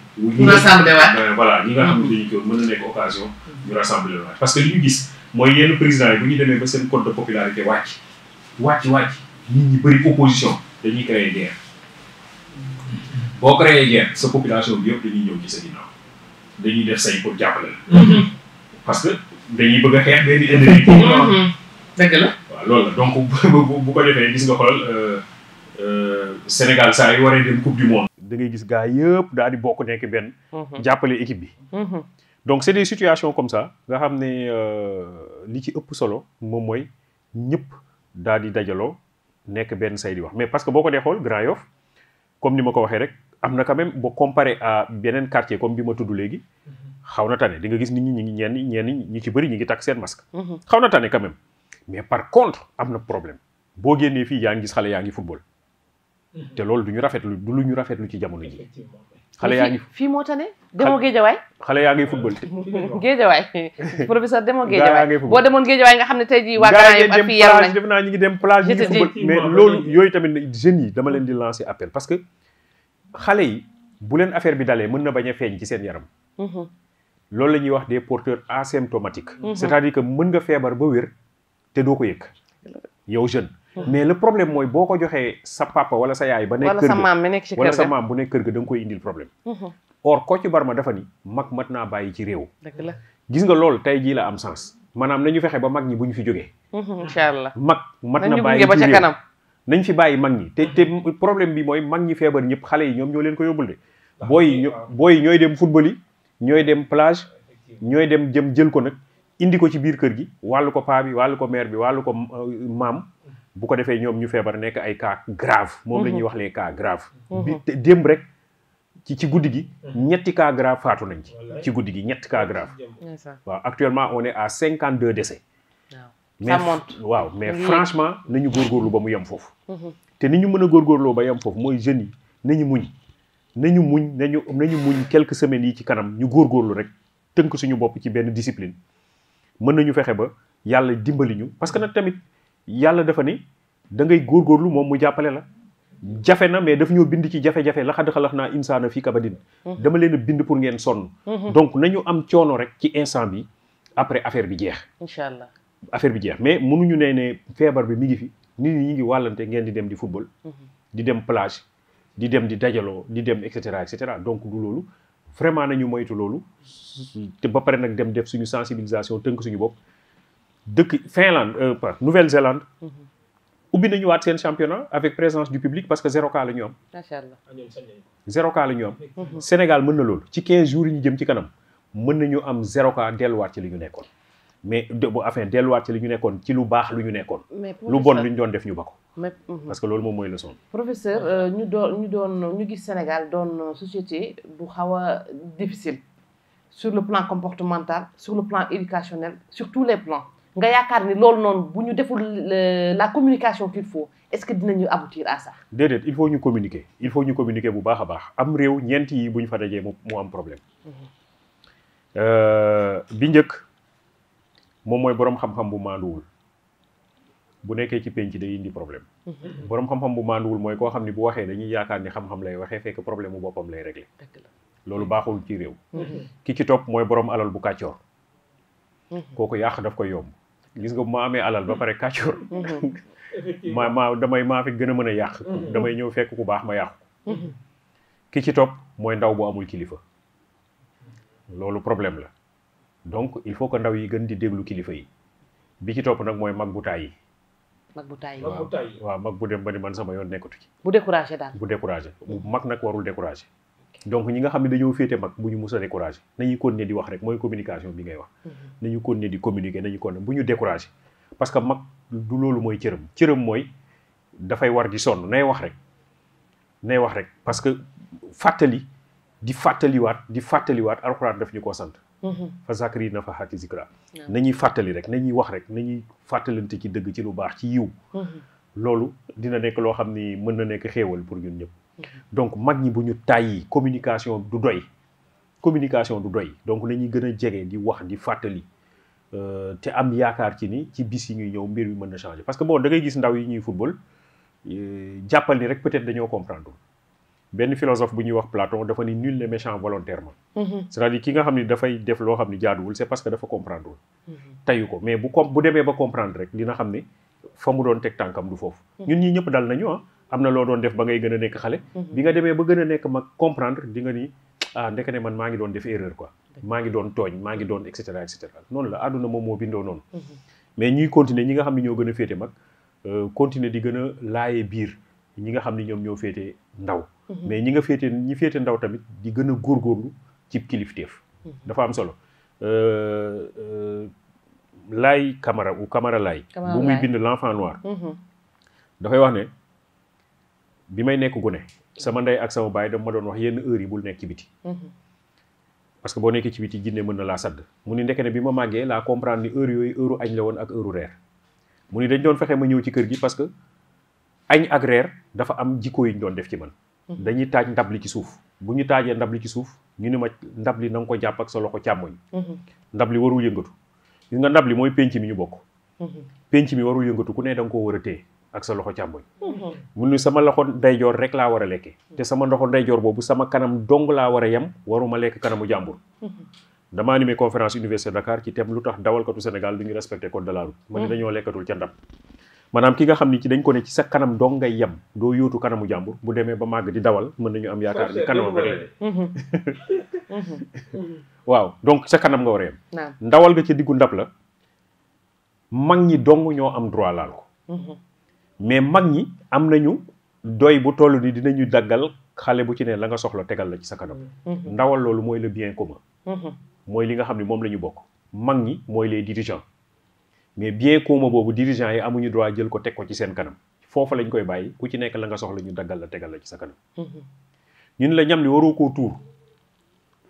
ñu rassembler waat voilà ñi nga xamante ni que mën na nekk occasion ñu rassembler parce que li ñu gis mooy yenn président yi bu ñu demee ba seen code de popularité wàcc wàcc wàcc nit ñi bëri opposition dañuy créer guerre boo créer guerre sa population bi yëpp dañuy ñëw ci sa ginnaaw dañuy def say pour jàppale la mm-hmm. parce que dañuy bëgg a xeex benn indi pour mm-hmm. mm-hmm. dëgg la waaw loolu donc bu ko defee gis nga xool euh, euh, Sénégal saa yu waree dem coupe du da ngay gis gaay yépp daal di bokk nekk benn. Mhm. jàppale équipe bi. Mhm. donc c' est des situations comme ça nga xam ne euh, li ci ëpp solo moom mooy ñëpp daal di dajaloo nekk benn say di wax mais parce que boo ko dee xool Grand Yoff comme ni ma ko waxee rek am na quand même bo comparé à beneen quartier comme bi ma tudd léegi. Mhm. xaw na tane di nga gis nit ñi ñi ngi ñenn ñenn ñi ci bëri ñi ngi takk seen masque. xaw na tane quand même mais par contre am na problème boo génnee fii yaa ngi gis xale yaa ngi football. Mm-hmm. te loolu du ñu rafetlu du lu ñu rafetlu ci jamono ji. xale yaa ngi fii moo tane demoo géejawaay xale yaa ngi football te géejawaay professeur demoo géejawaay boo demoon géejawaay nga xam ne tey jii waa gaa yi ak fii yaru nañ def naa ñi ngi dem plage ñi ngi football mais loolu yooyu tamit jeunes yi dama leen di lancer appel parce que xale yi bu leen affaire bi dalee mën na bañ a feeñ ci seen yaram mm-hmm. loolu la ñuy wax des porteurs asymptomatiques mm-hmm. c'est-à-dire que mën nga feebar ba wér te doo ko yëg yow jeune Mhm. mais le problème mooy boo ko joxee sa papa wala sa yaay ba nekk kër ga wala sa maam bu nekk kër ga da nga koy indil problème mhm. or Kocc Barma dafa ni mag mat naa bàyyi ci réew dëgg la gis nga loolu tey jii la am sens maanaam nañu fexe ba mag ñi bu ñu fi jógee mhm, incha allah mag mat na bàyyi ci réew nañ fi bàyyi mag ñi te te problème bi mooy mag ñi feebar ñëpp xale yi ñoom ñoo leen ko yóbbul de ah, booy booy ñooy dem football ñooy dem plage ñooy dem jëm jël ko nag indi ko ci biir kër gi wàllu ko paa bi wàllu ko mère bi wàllu ko euh, maam bu ko defee ñoom ñu feebar nekk ay cas grave moom la ñuy mhm. wax les cas grave mhm. bi démb rek ci ci guddi gi mhm. ñetti cas grave faatu nañ ci ci guddi gi ñetti cas grave waaw actuellement on est à cinquante deux décès mais waaw mais franchement nañu góorgóorlu ba mu yem foofu te ni ñu mën a góorgóorloo ba yem foofu mooy jeunes yi nañu muñ nañu muñ nañu nañu muñ quelques semaines yi ci kanam ñu góorgóorlu rek tënk suñu bopp ci benn discipline mën nañu fexe ba yàlla dimbali ñu parce que nag tamit yàlla dafa ni dangay ngay góorgóorlu moom mu jàppale la jafe na mais daf ñoo bind ci jafe-jafe la xad xalax naa insaana fii kabadin dama leen bind pour ngeen sonn donc nañu am coono rek ci instant bi après affaire bi jeex incha allah affaire bi jeex mais mënuñu nee ne feebar bi mu ngi fi nit ñi ngi wàllante ngeen di dem di football di dem plage di dem di dajaloo di dem et cetera cetera donc du loolu vraiment ñu moytu loolu te ba pare nag dem def suñu sensibilisation tënk suñu bopp dëkk Finlande euh, pas Nouvelle-Zélande. Mhm. ubi nañu wat sen championnat avec présence du public parce que zéro cas la ñom machallah zéro cas la mhm. Mhm. Sénégal mën na loolu ci 15 jours ñu jëm ci kanam mën nañu am zéro cas delluwaat ci li ñu nekkoon mais de bu afin delluwaat ci li ñu nekkoon ci lu baax lu ñu nekkoon. lu bon lu ñu doon def ñu ba parce que lool moom le leçon professeur euh, ñu doon ñu doon ñu gis Sénégal doon société bu xawa difficile sur le plan comportemental sur le plan éducationnel sur tous les plans. nga yaakaar ni loolu noonu bu ñu deful la communication qu'il faut est-ce que ñu aboutir à ça. déedéet il faut ñu communiquer il faut ñu communiquer bu baax a baax am réew ñeent yi bu ñu fa dajee mu am problème. Euh, bi njëkk moom mooy boroom xam-xam bu maanduwul bu nekkee ci penc day indi problème. boroom xam-xam bu maanduwul mooy koo xam ni bu waxee dañuy yaakaar ni xam-xam lay waxee fekk problème bu boppam lay régler. loolu baaxul ci réew. Mhm. ki ci topp mooy boroom alal bu kàccoor. Mhm. kooku yàq daf koy yomb. gis nga bu ma amee alal ba mm-hmm. pare kàccoor mm-hmm. ma maa damay maa fi gën a mën a yàq mm-hmm. damay ñëw fekk ku baax ma yàqu ki ci topp mooy ndaw bu amul kilifa loolu problème la donc il faut que ndaw yi gën di déglu kilifa yi bi ci topp nag mooy mag bu taay yi mag bu taay waaw mag bu dem ba ni man sama yoon nekkatu ci bu découragé daal bu découragé mag nag warul découragé donc ñi nga xam ne dañoo féete mag bu ñu mus a découragé nañu continuer di wax rek mooy communication bi ngay wax mm-hmm. nañu continuer di communiquer nañu continuer bu ñu découragé parce que mag du loolu mooy cëram cëram mooy dafay war di sonn nay wax rek nay wax rek parce que fàttali di fàttaliwaat di fàttaliwaat alxuraan daf ñu koo sant mm-hmm. fa zakri na fa xaati zikra nañuy fàttali rek nañuy wax rek nañuy fàttalante ci dëgg ci lu baax ci yiw mm-hmm. loolu dina nekk loo xam ni mën na nekk xewal pour ñun ñëpp donc mag ñi bu ñu tàyyi communication du doy communication du doy donc nañuy gën a jege di wax di fàttali euh, te am yaakaar ci ni ci bis yi ñuy ñëw mbir bi mën na changer parce que bon da ngay gis ndaw yi ñuy football euh, jàppal ni rek peut-être dañoo comprendre benn philosophe bu ñuy wax Platon dafa ni nul n'est méchant volontairement. Mhm. c'est-à-dire ki nga xam ni dafay def loo xam ni jaaduwul c'est parce que dafa comprendre mhm. tayu ko mais bu com bu demee ba comprendre rek dina xa ne fa mu doon teg tànkam foofu. Mhm. ñun ñii ñëpp dal ah. am na loo doon def ba ngay gën a nekk xale. Mhm. bi nga demee ba gën a nekk mag comprendre di nga ni ah ndeke ne man maa ngi doon def erreur quoi. maa ngi doon tooñ maa ngi doon et cetera et noonu la àdduna moom moo bindoo noonu. Mhm. mais ñuy continuer ñi nga xam ne ñoo gën a féete mag euh, di gën a laaye biir ñi nga xam ne ñoom ñoo féete ndaw. Mhm. mais ñi nga féete ñi féete ndaw tamit di gën a góorgóorlu ci kilifteef. dafa am solo. Euh, euh, Laay Camara ou Camara Laay bu muy bind l'enfant noir dafay wax ne bi may nekk gune sama ndey ak sama baay dam ma doon wax yenn heures yi bul nekk ci biti mhm. parce que boo nekkee ci biti jinne mën na laa sadd mu ni ndeke ne bi ma màggee laa comprendre ni heure yooyu heure añ la woon ak heure reer mu ni dañ doon fexe ma ñëw ci kër gi parce que añ ak reer dafa am jikko yi ñu doon def ci man mhm. dañuy taaj ndab li ci suuf bu ñu taajee ndab li ci suuf ñu ni ma ndab li na ko jàpp ak sa loxo càmmoñ mhm. ndab li warul yëngatu gis nga ndab li mooy penc mi ñu bokk penc mi warul yëngatu ku ne da koo war a téye ak sa loxo càmmoñ mhm. mu ni sama loxo ndeyjoor rek laa war a lekke te sama loxo ndeyjoor boobu sama kanam dong laa war a yem waruma lekk kanamu jàmbur mhm. dama animé conférence université Dakar ci thème lu tax dawalkatu Sénégal du ñu respecté code de la route ma ne mhm. dañoo lekkatul ca ndab maanaam ki nga xam ni ci dañ ko ne ci sa kanam dong ngay yem doo yóotu kanamu jàmbur bu demee ba màgg di dawal mën nañu am yaakaar ni kanamam waaw donc sa kanam nga war a yem ndawal nga ci diggu ndab la mag ñi dong ñoo am droit laal ko mais mag ñi am nañu doy bu toll ni ñu daggal xale bu ci ne la nga soxla tegal la ci sa kanam. Mm-hmm. ndawal loolu mooy la bien commun. Mm-hmm. mooy li nga xam ne moom la ñu bokk. mag ñi mooy les dirigeants mais bien commun boobu dirigeants yi amuñu droit jël ko teg ko ci seen kanam foofu lañ koy bàyyi ku ci nekk la nga soxla ñu daggal la tegal la ci sa kanam. Mm-hmm. ñun la ñam li waroo koo tuur.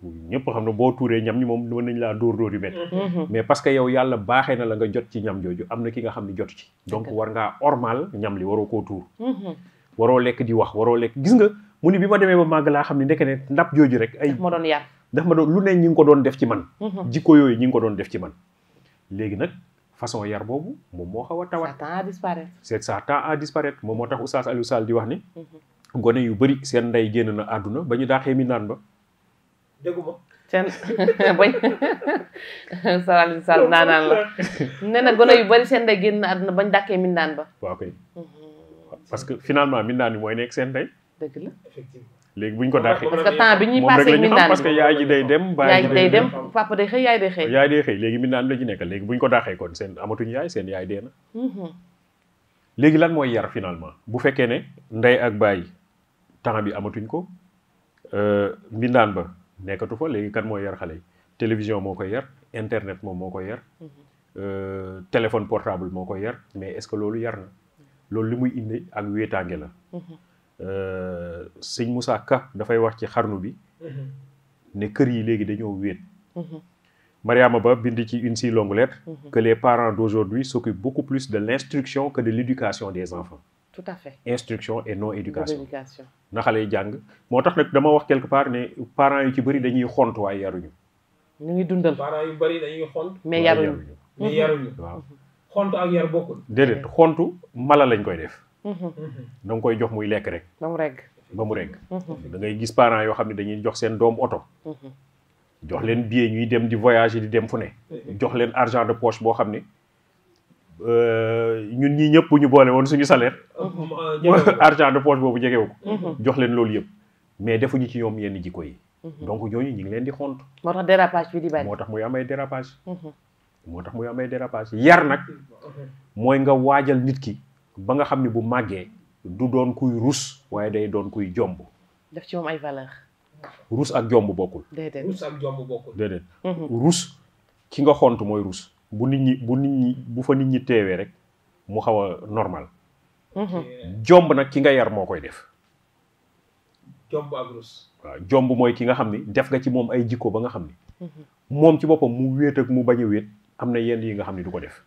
ñëpp xam ne boo tuuree ñam ñi moom mën nañ laa dóor dóor yu métti mhm. Mhm. mais parce que yow yàlla baaxee na la nga jot ci ñam jooju am na ki nga xam ne jotu ci donc war ngaa ormal ñam li waroo koo tuur mhm. waroo lekk di wax waroo lekk gis nga mu ni bi ma demee ba màgg laa xam ne ndeke ne ndab jooju rek ay ma doon lu ne ñi ngi ko doon def ci man jikko yooyu ñi ngi ko doon def ci man léegi nag façon yar boobu moom moo xaw a tawat a ça tend à disparaître moom moo tax Oustaz Aliou Sall di wax ni gone yu bëri seen ndey génn na àdduna ba ñu daaxee dégguma seen bañ Sall Sall naanaan la nee na gone yu bari seen ndey génn àdduna bañ dàkkee mindaan ba waa kay mhm. parce que finalement mindaan bi mooy nekk seen ndey dëgg la léegi bu ñu ko dàqee parce que temps bi ñuy passé mindaan parce que yaay ji day dem yaay ji day dem papa day xëy yaay day xëy yaay day xëy léegi mindaan la ci nekkal léegi bu ñu ko dàqee kon seen amatuñu yaay seen yaay dee na mhm. léegi lan mooy yar finalement bu fekkee ne ndey ak baay temps bi amatuñ ko euh, mbindaan ba nekkatu fa léegi kan mooy yar xale télévision moo koy yar internet moom moo koy yar euh, téléphone portable moo yar mais est-ce que loolu yar na loolu li muy indi ak wéetaange la euh, sëñ Moussa Ka dafay wax ci xarnu bi ne kër yi léegi dañoo wéet Mariama Ba bind ci une si longue lettre que les parents d'aujourd'hui s'occupent beaucoup plus de l'instruction que de l'éducation des enfants tout à fait instruction et non éducation na xale yi jàng moo tax nag dama wax quelque part ne parent yu ci bëri dañuy xont waaye yaruñu. ñu ngi dundal parents yu bëri dañuy xont. mais yaruñu waaw. Mhm. xont ak yar bokkul. déedéet xontu mala lañ koy def. Mhm. Mhm. da koy jox muy lekk rek. ba mu regg ba mu regg. da ngay gis parent yoo xam ne dañuy jox seen doom oto. jox leen billet ñuy dem di voyager di dem fu ne. jox leen argent de poche boo xam ne. Euh, ñun ñii ñëpp ñu boole woon suñu salaire. Euh, argent de poche boobu jegewu jox leen loolu yëpp mais ñu ci ñoom yenn jikko yi. donc ñooñu ñu ngi leen di xont. moo tax dérapage bi di bari. moo tax muy am ay dérapage. moo tax muy am ay dérapage yar nag mooy nga waajal nit ki ba nga xam ne bu màggee du doon kuy rus waaye day doon kuy jomb. def ci moom ay valeur. rus ak jomb bokkul. déedéet rus ak jomb bokkul. ki nga xont mooy rus. bu nit ñi bu nit ñi bu fa nit ñi téwé rek mu xawa normal. Mhm. jomb nak ki nga yar mo koy def. jomb ak rus. waaw jomb moy ki nga xamni def nga ci mom ay jikko ba nga xamni ni. Mhm. moom ci bopam mu wét ak mu baña a amna yi nga xamni duko def.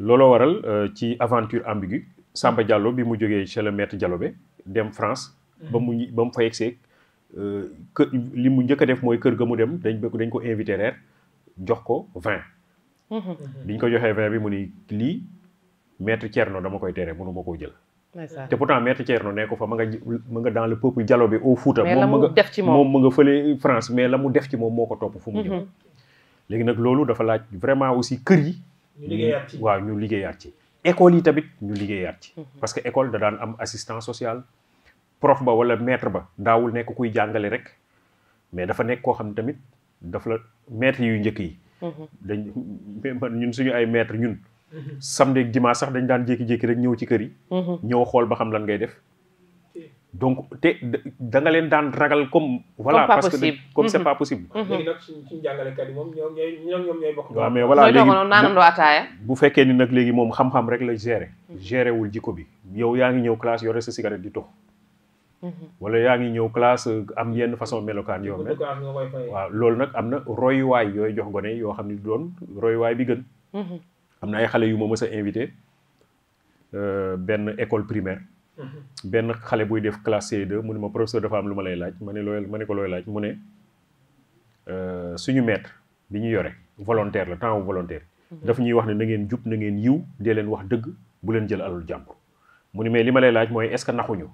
Lolo waral euh, ci aventure ambigu, Samba Diallo bi mu joggé chez le maître Dialobé dem France. ba mu ba mu fa sek euh limu ñëk def moy kër ga mu dem dañ dañ ko inviter reer jox ko vin. Mm-hmm. Mm-hmm. ñu ko joxee verre bi mu ni lii maître Thierno dama koy tere mënu ma koo jël. te pourtant maître Thierno ne ko fa ma nga ma nga dans le peuple bi au Fouta. moom ma nga def ci moom ma nga fële France mais la mu def ci moom moo ko topp fu mu ñëw. Mm-hmm. léegi nag loolu dafa laaj vraiment aussi kër yi. ñu waaw ñu liggéeyaat ci. école yi tamit ñu liggéeyaat ci. parce que école da daan am assistant sociale prof ba wala maître ba daawul nekk kuy jàngale rek mais dafa nekk koo xam ne tamit dafa la maître yu njëkk yi. Mm-hmm. dañ man ñun suñu ay maître ñun mm-hmm. samedi ak dimanche sax dañ daan jékki-jékki rek ñëw ci kër yi mm-hmm. ñëw xool ba xam lan ngay def donc te da nga leen daan ragal comme voilà comme parce possible. que comme c'est pas possible légui nak suñu jangale kat mom ñom ñom ñom ñoy bokk mais voilà légui nanam do ataya bu ni nak légui mom xam xam rek la gérer gérer wul jikko bi yow yaangi ñew classe yoré sa cigarette di Mm-hmm. wala yaa ngi ñëw classe am yenn façon melokaan yoo mel waaw loolu nag am na royuwaay yooyu jox gone yoo xam ne du doon royuwaay bi gën mm-hmm. am na ay xale yu ma mës a invité euh, benn école primaire mm-hmm. benn xale buy def classe CE2 mu ne ma professeur dafa am lu ma lay laaj ma ne looy ma ne ko looy laaj mu ne euh, suñu maître bi ñu yore volontaire la temps volontaire dafa ñuy wax ne na ngeen jub na ngeen yiw dee leen wax dëgg bu leen jël alal jàmbur mu ne mais li ma lay laaj mooy est-ce que naxuñu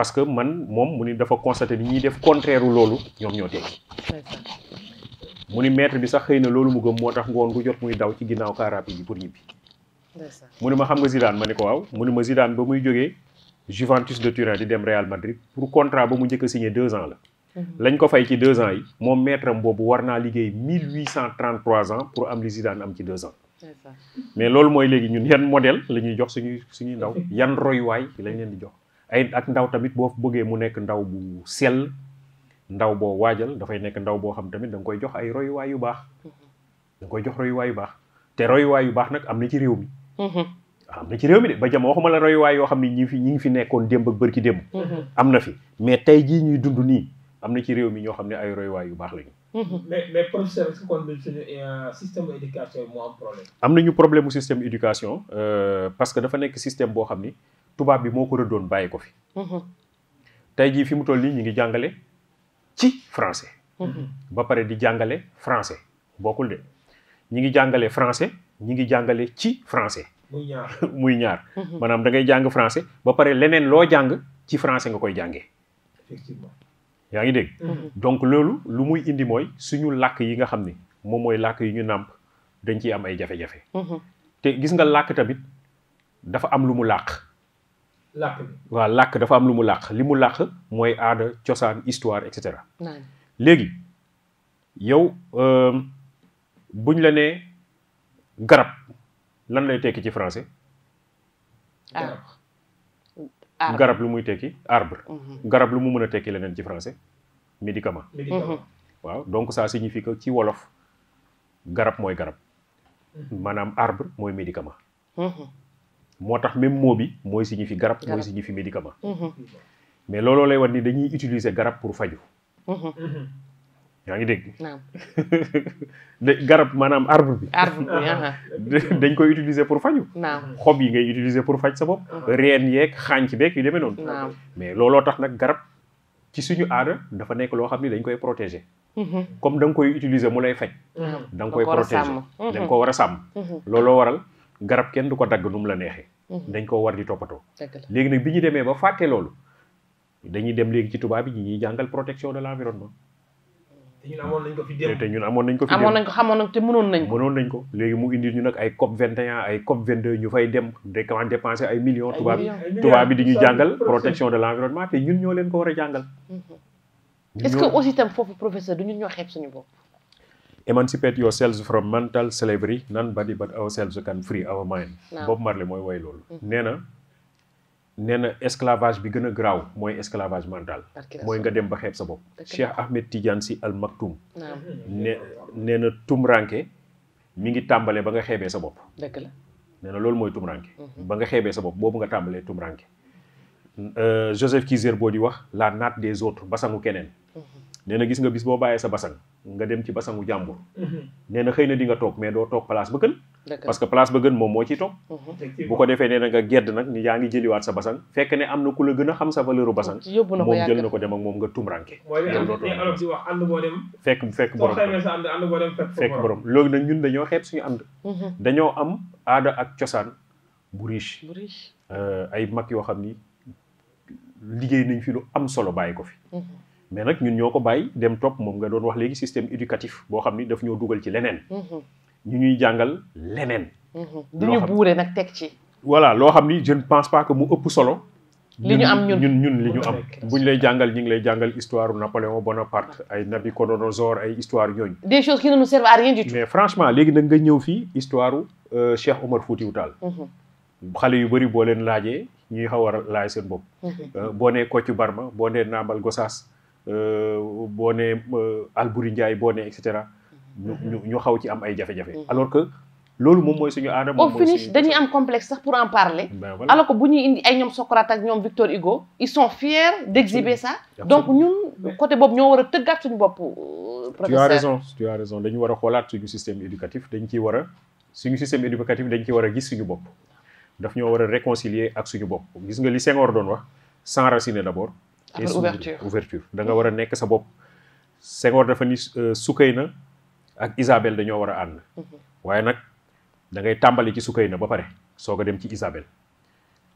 parce que man moom mu ni dafa constaté ni ñuy def contraire loolu ñoom ñoo tekki mu ni maître bi sax xëy na loolu mu gëm moo tax ngoon gu jot muy daw ci ginnaaw car bi pour ñibbi mu ni ma xam nga Zidane ma ni ko waaw mu ni ma Zidane ba muy jógee Juventus de Turin di dem Real Madrid pour contrat ba mu jëkk a signé deux ans la mhm. lañ ko fay ci deux ans yi moom maître am boobu war naa liggéey mille huit cent trente trois pour am li Zidane am ci deux ans mais loolu mooy léegi ñun yan modèle la ñuy jox suñuy suñuy ndaw yan royuwaay lañ leen di jox ay ak ndaw tamit boo bëggee mu nekk ndaw bu sel ndaw boo waajal dafay nekk ndaw boo xam tamit da koy jox ay royuwaay yu baax mm-hmm. da nga koy jox royuwaay yu baax te royuwaay yu baax nag am na ci réew mi mm-hmm. am na ci réew mi de ba jama waxuma la royuwaay yoo xam ne ñi fi ñi ngi fi nekkoon démb ak bërki démb mm-hmm. am na fi mais tey jii ñuy dund nii am na ci réew mi ñoo xam ne ay royuwaay yu baax lañu euh, am problème am nañu problème mu système éducation euh, parce que dafa nekk système boo xam ni tubaab bi moo ko rëddoon bàyyi ko fi. Mhm. tey jii fi mu toll nii ñu ngi jàngale ci français. Mhm. ba pare di jàngale français bokkul de ñu ngi jàngale francais ñu ngi jàngale ci français. muy ñaar muy ñaar. Mhm. maanaam da ngay jàng français ba pare leneen loo jàng ci français nga koy jàngee. yaa ngi dégg. donc loolu lu muy indi mooy suñu làkk yi nga xam ni moom mooy làkk yi ñu nàmp dañ ci am ay jafe-jafe. te gis nga làkk tamit dafa am lu mu làkk. làkk bi làkk dafa am lu mu làkk li mu làkk mooy aada cosaan histoire et léegi yow euh, buñ la nee garab lan lay tekki ci français. garab lu muy tekki arbre. Mhm. garab lu mu mën a tekki leneen ci français médicament. Mhm. waaw donc ça signifie que ci wolof garab mooy garab. Mhm. maanaam arbre mooy médicament. moo tax même mot bi mooy signifie garab mooy signifie médicament mhm. mais looloo lay wan ni dañuy utiliser garab pour faju mhm. yaa ngi dégg de garab maanaam arbre bi dañ koy utiliser pour faju xob yi ngay utiliser pour faj sa bopp mhm. reen yeeg xànc beeg yu demee noonu mais looloo tax nag garab ci suñu aada dafa nekk loo xam ni dañ koy protéger comme da koy utiliser mu lay faj da nga koy protéger da nga ko war a sàmm looloo waral garab kenn du ko dagg nu mu la neexee. Mhm. dañ koo war di toppatoo. léegi nag bi ñu demee ba fàtte loolu dañuy dem léegi ci tubaab bi ñuy jàngal protection de l'environnement. te ñun amoon ko fi te ñun amoon nañ ko fi démb amoon nañ ko xamoon nañ te mënoon nañ nañ ko léegi mu indi ñu nag ay ñu fay dem de comment dépenser ay millions. tubaab bi tubaab bi di ñu jàngal protection de l'environnement te ñun ñoo leen ko war a jàngal. Mhm. est-ce que aussi tam foofu professeur du ñun ñoo xeeb suñu bopp. Emancipate yourselves from mental slavery none body but ourselves can free our mind. Bob Marley mooy woy loolu. Mm-hmm. nee na na esclavage bi gën a garaaw mooy esclavage mental. mooy nga dem ba xeeb sa bopp. Cheikh Ahmed Tidiane si al Maktoum. ne nee na tumranke mi ngi tàmbalee ba nga xeebee sa bopp. dëgg la na loolu mooy tumranke mm-hmm. ba nga xeebee sa bopp boobu nga tàmbalee tumranke euh, Joseph Kizerbo di wax la naat des autres basangu keneen. Mm-hmm. nee gis nga bis boo bàyyee sa basang nga dem ci basangu jàmbur mhm. nee na xëy na di nga toog mais doo toog place ba gën parce que place ba gën moom moo ciy toog mhm. bu ko defee nee na nga gedd nag ni yaa ngi jëliwaat sa basang fekk ne am na ku ak moom nga tumranke fekk fekk borom fekk ñun dañoo xeeb suñu ànd mhm. dañoo am aada ak cosaan bu riche euh, ay mag yoo xam ni liggéey nañ fi lu am solo bàyyi ko fi mais nag ñun ñoo ko bàyyi dem topp moom nga doon wax léegi système éducatif boo xam ni daf ñoo dugal ci leneen. Mhm. ñu ñuy jàngal leneen. Mhm. du ñu buure nag teg ci. voilà loo xam ni je ne pense pas que mu ëpp solo. li ñu am ñun ñun ñun li ñu am. buñ lay jàngal ñu ngi lay jàngal histoire Napoléon Bonaparte ay Nabucodonosor ay histoire ñooñu. des choses qui ne nous servent à rien franchement léegi nag nga ñëw fii histoire euh, Cheikh Omar Foutiyou Tall. Mhm. xale yu bëri boo leen laajee ñuy xaw a laaj seen bopp. Euh, boo nee Kocc Barma boo nee Nambal Gossas. Euh, boo euh, bonne mm-hmm. alors que finish complexe pour en parler ben alors que si indi Socrate Victor Hugo ils sont fiers d'exhiber ça donc ñun côté ñoo wara teggat suñu bop euh, professeur. tu as raison tu as raison dañu suñu système éducatif dañ suñu système éducatif dañ gis suñu réconcilier ak suñu gis nga li wax s'enraciner d'abord affaire ouverture ouverture da war a nekk sa bopp Senghor dafa ni euh, Soukeyna ak Isabelle dañoo war a ànd mhm. waaye nag da ngay tàmbali ci Soukeyna ba pare soog a dem ci Isabelle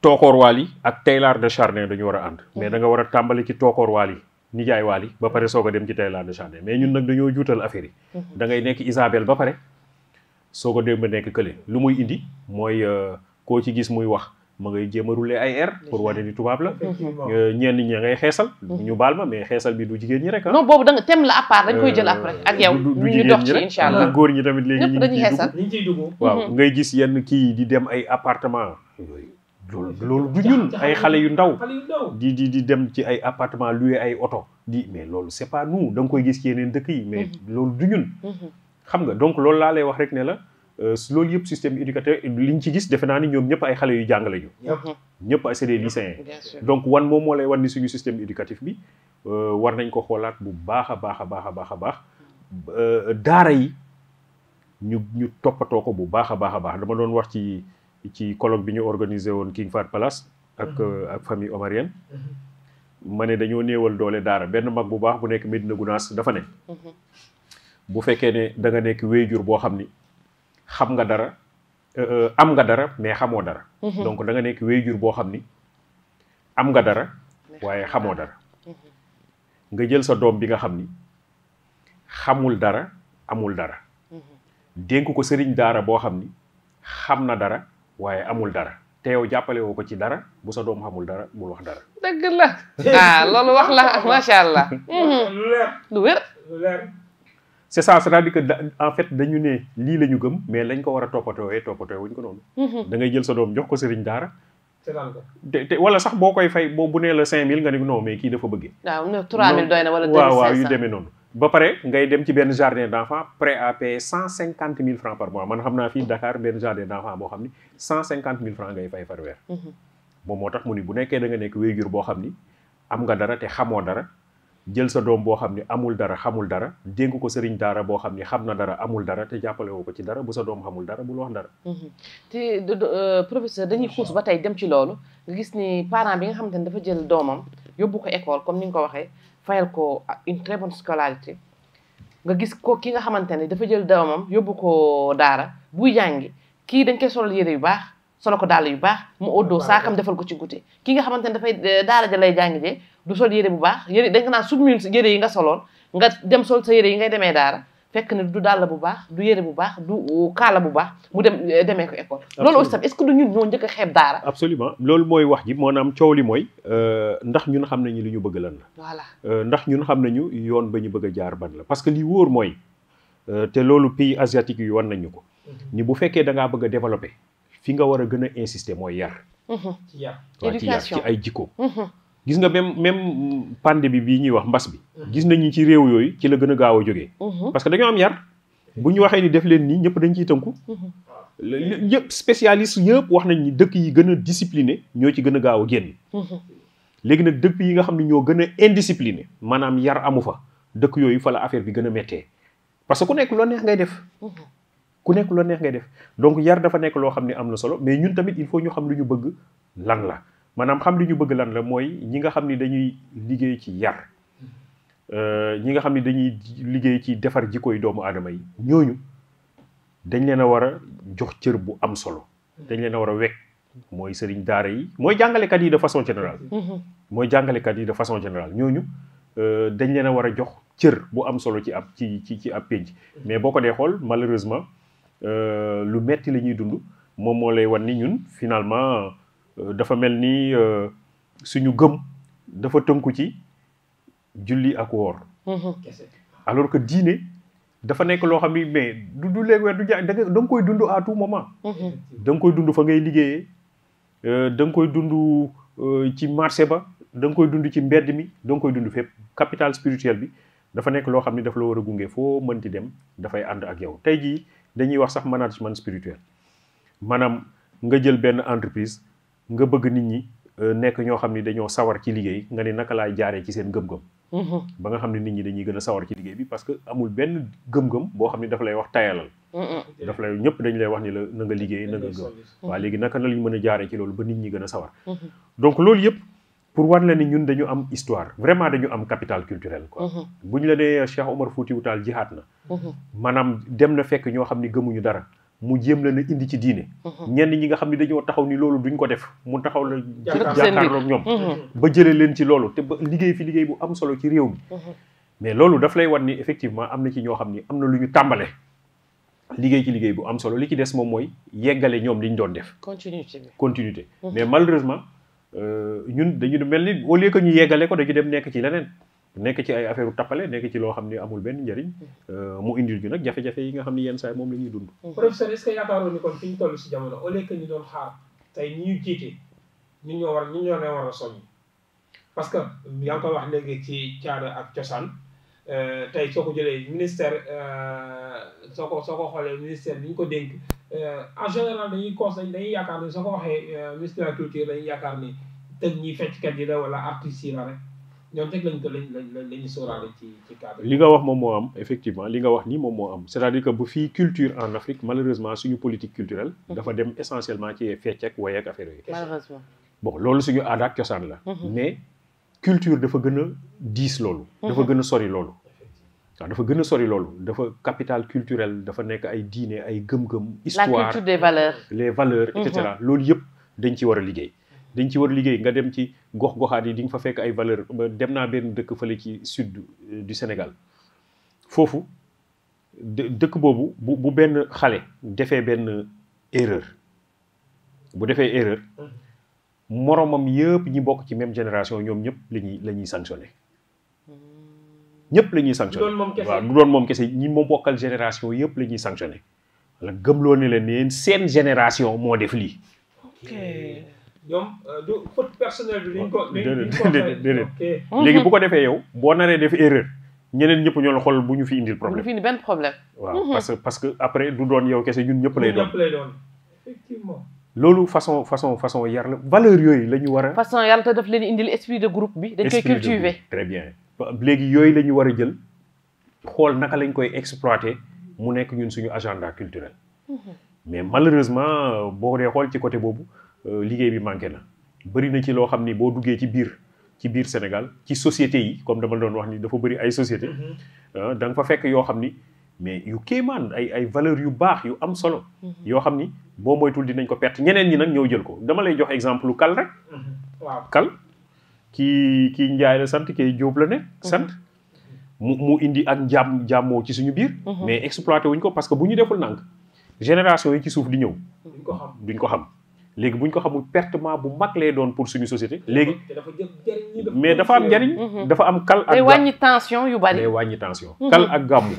tookoor waal yi ak Taylor de Chardin dañu war a ànd mais da nga war a tàmbali ci tookoor waal yi nijaay waal ba pare soog a dem ci Taylor de Chardin mais ñun nag dañoo juutal affaire yi mhm. da ngay nekk Isabelle ba pare soog a dem ba nekk kële lu muy indi mooy euh, koo ci gis muy wax ma ngay jéem a rouler ay air pour wane ni tubaab la euh, ñenn ñi ngay xeesal mhm. ñu baal ma mais xeesal bi du jigéen ñi rek ah. non boobu da nga thème la à part dañ koy euh, jël ñu dox ci incha allah góor ñi tamit léegi ñu dañuy waaw mhm. ngay gis yenn kii di dem ay appartement loolu loolu du ñun ay xale yu ndaw di di di dem ci ay appartement loué ay oto di mais loolu c'est pas nous da nga koy gis yeneen dëkk yi mais mhm. loolu du ñun xam nga donc loolu laa lay wax rek ne la loolu yëpp système éducateur liñ ci gis defe naa ni ñoom ñëpp ay xale yu jàng lañu. ñëpp c'est des lycéens. donc wan moom moo lay wan ni suñu système éducatif bi eh, war nañ ko xoolaat bu baax a baax a baax a baax a baax daara yi ñu ñu toppatoo ko bu baax a baax a baax dama doon wax ci ci colloque bi ñu organisé woon King Fahd Palace. ak mhm. ak famille omarienne. Mhm. ma ne dañoo néewal doole daara benn mag bu baax bu nekk Medina Gounass dafa ne. Mhm. bu fekkee ne da nga nekk wéyjur boo xam xam nga dara euh, euh, am nga dara mais xamoo dara. Mhm. donc da nga nekk waajur boo xam ni am nga dara waaye xamoo dara. Mhm. nga jël sa doom bi nga xam ni xamul dara amul dara. Mhm. dénk ko sëriñ daara boo xam ni xam na dara waaye amul dara. te yow jàppale woo ko ci dara bu sa doom xamul dara bul wax dara. dëgg la ah, loolu wax la macha allah. lu wér. c'est ça c'est-à-dire que en fait dañu ne lii la gëm mais lañ ko war a toppatoowee toppatoo wuñ ko noonu. Mhm. da ngay jël sa doom jox ko sëriñ daara. te sax boo koy fay boo bu nee la 5000 nga ne non mais kii dafa bëggee. waaw 3000 noonu. ba pare ngay dem ci benn jardin d'enfant prêt à payer 150 000 francs par mois man xam naa fii Dakar benn jardin d'enfant boo xam ni 150 000 francs ngay fay par weer. Mhm. moom moo tax mu ni bu nekkee da nga nekk wéyjur boo xam ni am nga dara te jël sa doom boo xam ni amul dara xamul dara dénk ko sëriñ daara boo xam ni xam na dara amul dara te jàppale woo ko ci dara bu sa doom xamul dara bul wax dara. Mhm. te euh, professeur dañuy xuus ba tey dem ci loolu nga gis ni parent bi nga xamante ne dafa jël doomam yóbbu ko comme ni nga ko waxee fayal ko une très nga gis ko ki nga xamante ne dafa jël doomam yóbbu ko daara buy jàngi kii dañ koy solal yére yu baax solo ko dàll yu baax mu oddoo saakam defal ko ci goûter ki nga xamante ne dafay euh, daara ja lay jàngi jee du sol yére bu baax yére dañ ko submune ci yére yi nga solon nga dem sol sa yére yi ngay demee dara fekk ne du dal bu baax du yére bu baax du kala bu baax mu dem eh, demee ko école loolu aussi est ce que du ñun ñoo ñëk a dara absolument loolu moy wax ji mo maanaam ciowli moy euh ndax ñun xam nañu li ñu bëgg lan la voilà euh ndax ñun xam nañu yoon ba ñu bëgg jaar ban la parce que li woor moy euh té loolu pays asiatique yu won nañu ko mhm. ni bu fekké da nga bëgg développer fi nga wara gëna insister moy yar mhm. ci yar ci ay jikko mhm. gis nga même même pandémie bi bii ñuy wax mbas bi. Mhm. gis nañu ci réew yooyu ci la gën a gaaw a jógee. Mhm. parce que dañoo am yar bu ñu waxee ni def leen nii ñëpp dañ ciy tënku. ñëpp mhm. spécialiste yëpp wax nañ ni dëkk yi gën a discipliné ñoo ci gën a gaaw a génn. léegi nag dëkk yi nga xam ne ñoo gën a indiscipliné manaam yar amu fa dëkk yooyu fa la affaire bi gën a méttee parce que ku nekk loo neex ngay def. ku nekk loo neex ngay def donc yar dafa nekk loo xam ne am na solo mais ñun tamit il faut ñu xam lu ñu bëgg lan la. maanaam xam li ñu bëgg lan la mooy ñi nga xam ni dañuy liggéey ci yar euh, ñi nga xam ni dañuy liggéey ci defar jikkoy doomu aadama yi ñooñu dañ leen a war a jox cër bu am solo dañ leen a war a wekk mooy sëriñ daara yi mooy jàngalekat yi de façon générale mm-hmm. mooy jàngalekat yi de façon générale ñooñu euh, dañ leen war a jox cër bu am solo ci ab ci ci ci ab pénc mais boo ko dee xool malheureusement euh, lu metti la ñuy dund moom moo lay wan ni ñun finalement Euh, dafa mel ni euh, suñu gëm dafa tënku ci julli ak woor mhm. alors que diine dafa nekk loo xam ni mais du du léegi weer du jaay da nga koy dund à tout moment mhm. da nga koy dund fa ngay liggéeyee euh, da nga koy dund ci marché ba da nga koy dund ci mbedd mi da nga koy dund fépp capital spirituel bi dafa nekk loo xam ni daf la war a gunge foo ti dem dafay ànd ak yow tey jii dañuy wax sax management spirituel maanaam nga jël benn entreprise nga bëgg nit ñi euh, nekk ñoo xam ni dañoo sawar ci liggéey nga ne naka laay jaaree ci seen gëm-gëm. Mm-hmm. ba nga xam ne nit ñi dañuy gën a sawar ci liggéey bi parce que amul benn gëm-gëm boo xam ne dafa lay wax tayalal. daf lay ñëpp dañu lay wax ni la na nga liggéey na gëm. Mm-hmm. waa léegi naka la ñu mën a jaaree ci loolu ba nit ñi gën a sawar. Mm-hmm. donc loolu yëpp pour wan la ni ñun dañu am histoire vraiment dañu am capital culturel quoi. bu ñu la nee Cheikh Omar Foutiyou ñoo xam ni gëmuñu dara. mu jéem leen a indi ci diine. Mhm. ñenn ñi nga xam ne dañoo taxaw ni loolu duñ ko def mu taxaw la. jàkkaarloog ñoom. Mhm. ba jëlee leen ci loolu te ba liggéey fi liggéey bu am solo ci réew mi. Mhm. mais loolu daf lay wan ni effectivement am na ci ñoo xam ni am na lu ñu tàmbale. liggéey ci liggéey bu am solo li ci des moom mooy yeggale ñoom liñ doon def. continuité continuité mais malheureusement euh, ñun dañu mel ni au lieu que ñu yeggale ko dañu dem nekk ci leneen. nekk ci ay affaire tappale nekk ci loo xam ni amul benn njëriñ euh, mu indil ñu nag jafe-jafe yi nga xam ne yenn saay moom la ñuy dund mm-hmm. professeur est-ce que yaakaaroon ni kon fi ñu toll si jamono au lieu que ñu doon xaar tey ñu jiite ñu ñoo war ñu ñoo leen a soññ parce que yaa ngi koy wax léegi ci caada ak cosaan euh, tey soo ko jëlee ministère euh, soo ko soo ko xoolee ministère bi ñu ko dénk en général dañuy conseil dañuy yaakaar ni soo ko waxee ministère de la culture dañuy yaakaar ni tëj ñi fecckat yi la wala artistes yi na rek ñoom rek lañ lañ sóoraale ci ci cadre. li nga wax moom moo am effectivement li nga wax nii moom moo am c'est-à-dire que bu fii culture en Afrique malheureusement suñu politique culturelle. Mhm. dafa dem essentiellement ci fecc ak woy ak affaire yooyu. malheureusement. bon loolu suñu aada ak cosaan la. Mhm. mais culture dafa gën a diis loolu. Mhm. dafa gën a sori loolu. waaw dafa gën a sori loolu dafa capital culturel dafa nekk ay diine ay gëm-gëm. histoire la culture des valeurs. les valeurs et cetera loolu yëpp dañ ci war a liggéey. dañ ci war liggéey nga dem ci gox goxaat yi di ñu fa fekk ay valeur dem naa benn dëkk fële ci sud euh, du Sénégal foofu dëkk boobu bu bu benn xale defee benn erreur bu defee erreur moromam yëpp ñi bokk ci même génération ñoom ñëpp la ñuy la ñuy sanctionné ñëpp la ñuy sanctionné waaw du doon moom kese ñi moo bokkal génération yëpp la ñuy sanctionné gëm gëmloo ne leen yéen seen génération moo def lii ñoom euh, du faute personnelle bi. ko mhm. léegi bu ko defee yow boo naree def erreur. ñeneen ñëpp ñoo la xool bu ñu fi indil problème bu ñu fi problème. waaw mhm. parce que parce que après du doon yow kese ñun ñëpp lay doon. ñëpp lay doon effectivement. lolu façon façon façon yar la valeur yoy lañu wara façon yar ta daf leen indil esprit de groupe bi. dañ koy cultiver très bien. légui yoy lañu wara jël xol naka lañ koy exploiter mu nekk ñun suñu agenda culturel. Mhm. mais malheureusement bo dee xol ci côté bobu Euh, liggéey bi manqué na bëri na ci loo xam ni boo duggee ci biir ci biir Sénégal ci société yi comme dama doon wax ni dafa bëri ay société mm-hmm. ah, danga fa fekk yoo xam ni mais yu kéemaan ay ay valeur yu baax yu am solo mm-hmm. yoo xam ni boo moytul dinañ ko perte ñeneen ñi nag ñëw jël ko dama lay jox exemple kal rek mm-hmm. waaw kal ki kii Njaay la sant kii Jóob la nekk sant mu mu indi ak njàmm jàmmoo ci suñu biir mais exploité wuñ ko parce que bu ñu deful nànk génération yi ci suuf di ñëw ko xam léegi bu ñu ko xamul pertement bu mag lay doon pour suñu société. léegi mais dafa am njariñ. Mhm. dafa am kal ak. day wàññi tension yu bari. day wàññi tension. Mhm. kal ak gàmmu.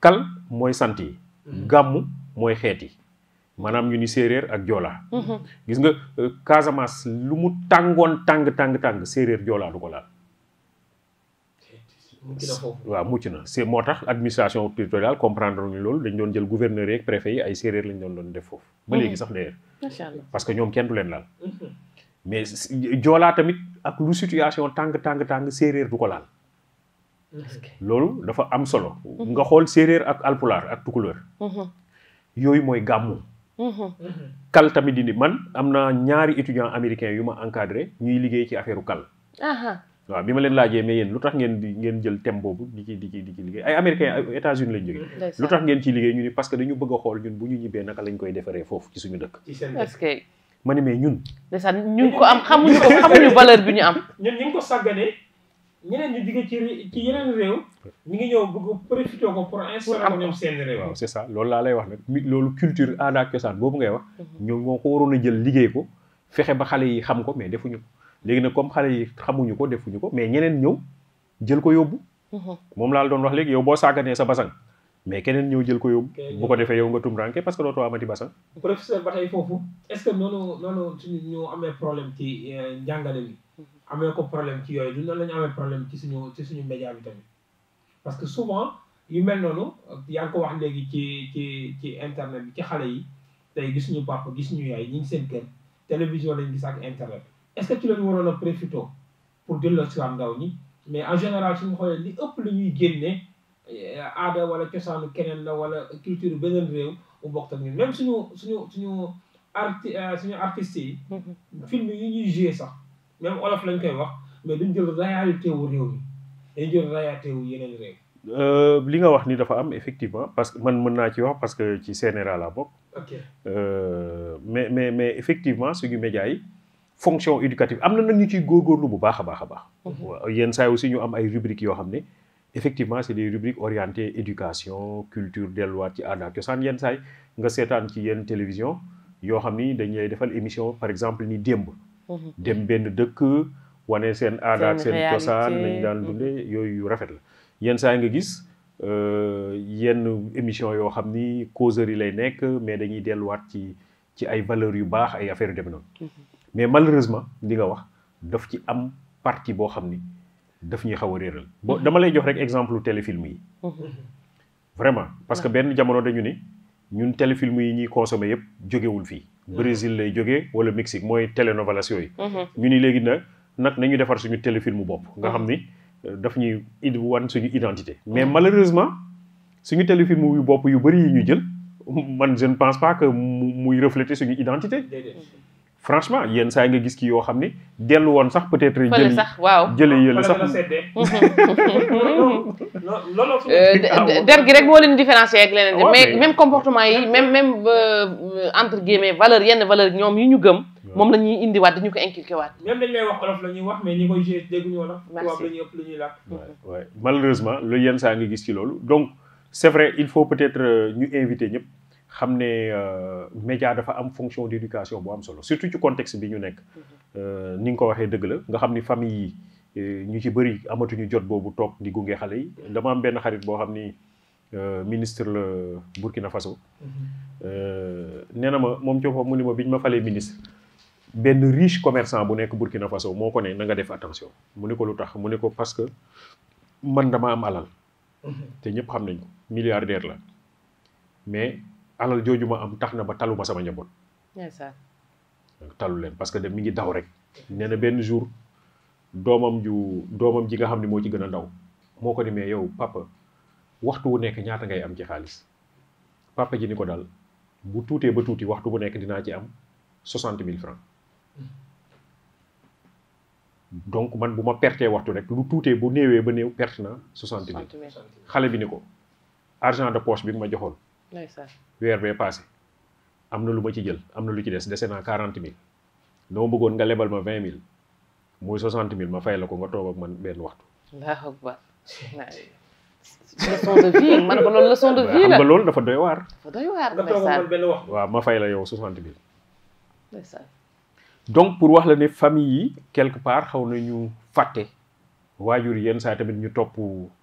kal mooy sant yi. Mhm. gàmmu mooy xeet yi. maanaam ñu ni séeréer ak joolaa. gis nga euh, Casamance lu mu tàngoon tàng tàng tàng séeréer joolaa du ko laal. waaw mucc na c'est moo tax administration territoriale comprendre ñu loolu dañ doon jël gouverneur yeeg préfet yi ay séeréer lañ doon doon def foofu ba léegi mhm. sax d'ailleurs parce que ñoom kenn du leen laal mhm. mais joolaa tamit ak lu situation tàng tàng tàng séeréer du ko laal loolu dafa am solo nga xool séeréer ak alpulaar ak tukulóor mhm. yooyu mooy gàmmu kal tamit di man am na ñaari étudiants américains yu ma encadré ñuy liggéey ci affaire kal waaw bi ma leen laajee mais yéen lu tax ngeen di ngeen jël thème boobu di ci di ci di ci liggéey ay américain ay États-Unis lañ jógee lu tax ngeen ciy liggéey ñu ni parce que dañu bëgg a xool ñun bu ñu ñibbee naka lañ koy defaree foofu ci suñu dëkk est que ma mais ñun ndeysaan ñu ko am xamuñu ko xamuñu valeur bi ñu am ñun ñu ko sàgganee ñeneen ñu jóge ci ci ngi ñëw bëgg ko pour installer ko loolu laa lay wax nag mi loolu culture aada ak cosaan boobu ngay wax mhm. ñoom moo ko waroon a jël liggéey ko fexe ba xale yi xam ko mais defuñu ko léegi nag comme xale yi xamuñu ko defuñu ko mais ñeneen ñëw jël ko yóbbu mhm. moom laa doon wax léegi yow boo sàgganee sa basang mais keneen ñëw jël ko yóbbu bu ko defee yow nga tumranke parce que dootoo amati basang professeur ba tey foofu est ce que noonu noonu suñu ñu amee problème ci euh, njàngale mhm. amee ko problème ci yooyu la ñu amee problème ci suñu ci suñu média bi parce que souvent yu mel noonu yaa ngi ko wax léegi ci ci ci internet bi ci xale yi tey gis ñu papa gis ñu yaay ñi ngi seen kër télévision lañ gis ak internet est-ce que tu la ñu waroon a profité pour delloo siwaat ndaw ñi mais en général suñu xoolee li ëpp lu ñuy génne eh, aada wala cosaanu keneen la wala culture beneen réew mu bokk tamit même suñu suñu suñu arti eh, suñu artiste yi mm-hmm. film yi ñuy joué sax même olof lañ koy wax mais duñ jël réalité wu réew mi dañ jël réalité wu yeneen réew euh, li nga wax ni dafa am effectivement parce que man mën naa ci wax parce que ci CNRA la bokk ok euh, mais mais mais effectivement suñu média yi fonction éducative am na nag ñu ciy góorgóorlu bu baax a baax a baax. Mhm. yenn saa aussi ñu am ay rubriques yoo xam ne effectivement c' est des rubriques éducation culture delluwaat ci aada ak cosaan yenn saay nga seetaan ci yenn télévision yoo xam ni dañ lay defal émission par exemple ni démb. Mhm. dem benn dëkk wane seen aada ak seen cosaan nañ daan mhm. dundee yooyu rafet la yenn saa nga gis. Euh, yenn émission yoo xam ni causerie lay nekk mais dañuy delluwaat ci ci ay valeurs yu baax ay affaire yu demee noonu. mais malheureusement li nga wax daf ci am parti bo xamni daf ñuy xaw a bo mhm. dama lay jox rek exemple téléfilm yi mhm. vraiment parce que ben jamono dañu ni ñun téléfilm yi consommer consommé jogé wul fi mhm. Brésil lay jogé wala Mexique moy telenovelas yooyu ñu ni légui nak nak nañu défar suñu téléfilm bop nga xamni euh, daf ñuy id wan suñu identité mais malheureusement suñu téléfilm yu bop yu bari yi ñu jël man je ne pense pas que muy refléter suñu identité franchement yenn saa nga gis ki yoo xam ne dellu sax peut-être. jëli sax waaw jëli yële sax. Euh, der gi rek mo leen différencier ak leneen. Ah, mais même comportement yi même même euh, euh, entre guillemets valeur yenn valeur ñom yu ñu gëm. mom lañuy indi indiwaat dañu ko inculquer waat. même dañ lay wax olof lañuy wax mais ñi koy gis dégguñu olof. merci la ñuy ëpp luñuy ñuy ouais malheureusement le yenn saa nga gis ci lolu donc c'est vrai il faut peut-être ñu inviter ñep xam ne euh, média dafa am fonction d'éducation bu am solo surtout ci contexte bi ñu nekk mhm. euh, ni nga ko waxee dëgg la nga xam ni famille yi euh, ñu ci bëri amatuñu jot boobu toog di gunge xale yi dama am benn xarit boo xam ni ministre la Burkina Faso mhm. nee na ma moom ci boppam mu ni bi ñu ma falee ministre benn riche commercant bu nekk Burkina Faso moo ko ne na nga def attention mu ni ko lu tax mu ni ko parce que man dama am alal mhm. te ñëpp xam nañ ko milliardaire la mais alal jooju ma am tax na ba taluma sama njaboot. donc talu leen parce que de mi ngi daw rek. nee na benn jour doomam ju doomam ji nga xam ne moo ci gën a ndaw moo ko ni mais yow papa waxtu wu nekk ñaata ngay am ci xaalis papa ji ni ko daal bu tuutee ba tuuti waxtu bu nekk dinaa ci am soixante mille francs donc man bu ma pertee waxtu rek lu tuutee bu néewee ba néew perte na soixante mille xale bi ni ko argent de poche bi nga ma joxoon. weer bee passé am na lu ma ci jël am na lu ci des dese naa quarante mille dama bëggoon nga lebal ma vingt mille muy soixante mille ma fay la ko nga toog ak man benn waxtu. allahu akbar. leçon de loolu dafa doy waar. dafa doy waaw ma fay la yow soixante mille. donc pour wax la ne famille yi quelque part xaw na ñu fàtte waajur yenn saa tamit ñu topp.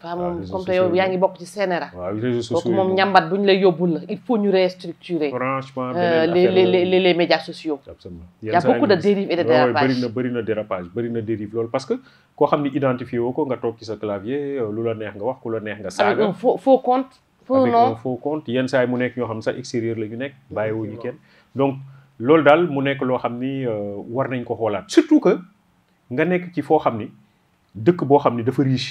que il faut restructurer. Euh, les médias sociaux. Il y a beaucoup de dérives de parce que clavier euh, un compte. un faux compte donc euh, surtout que riche.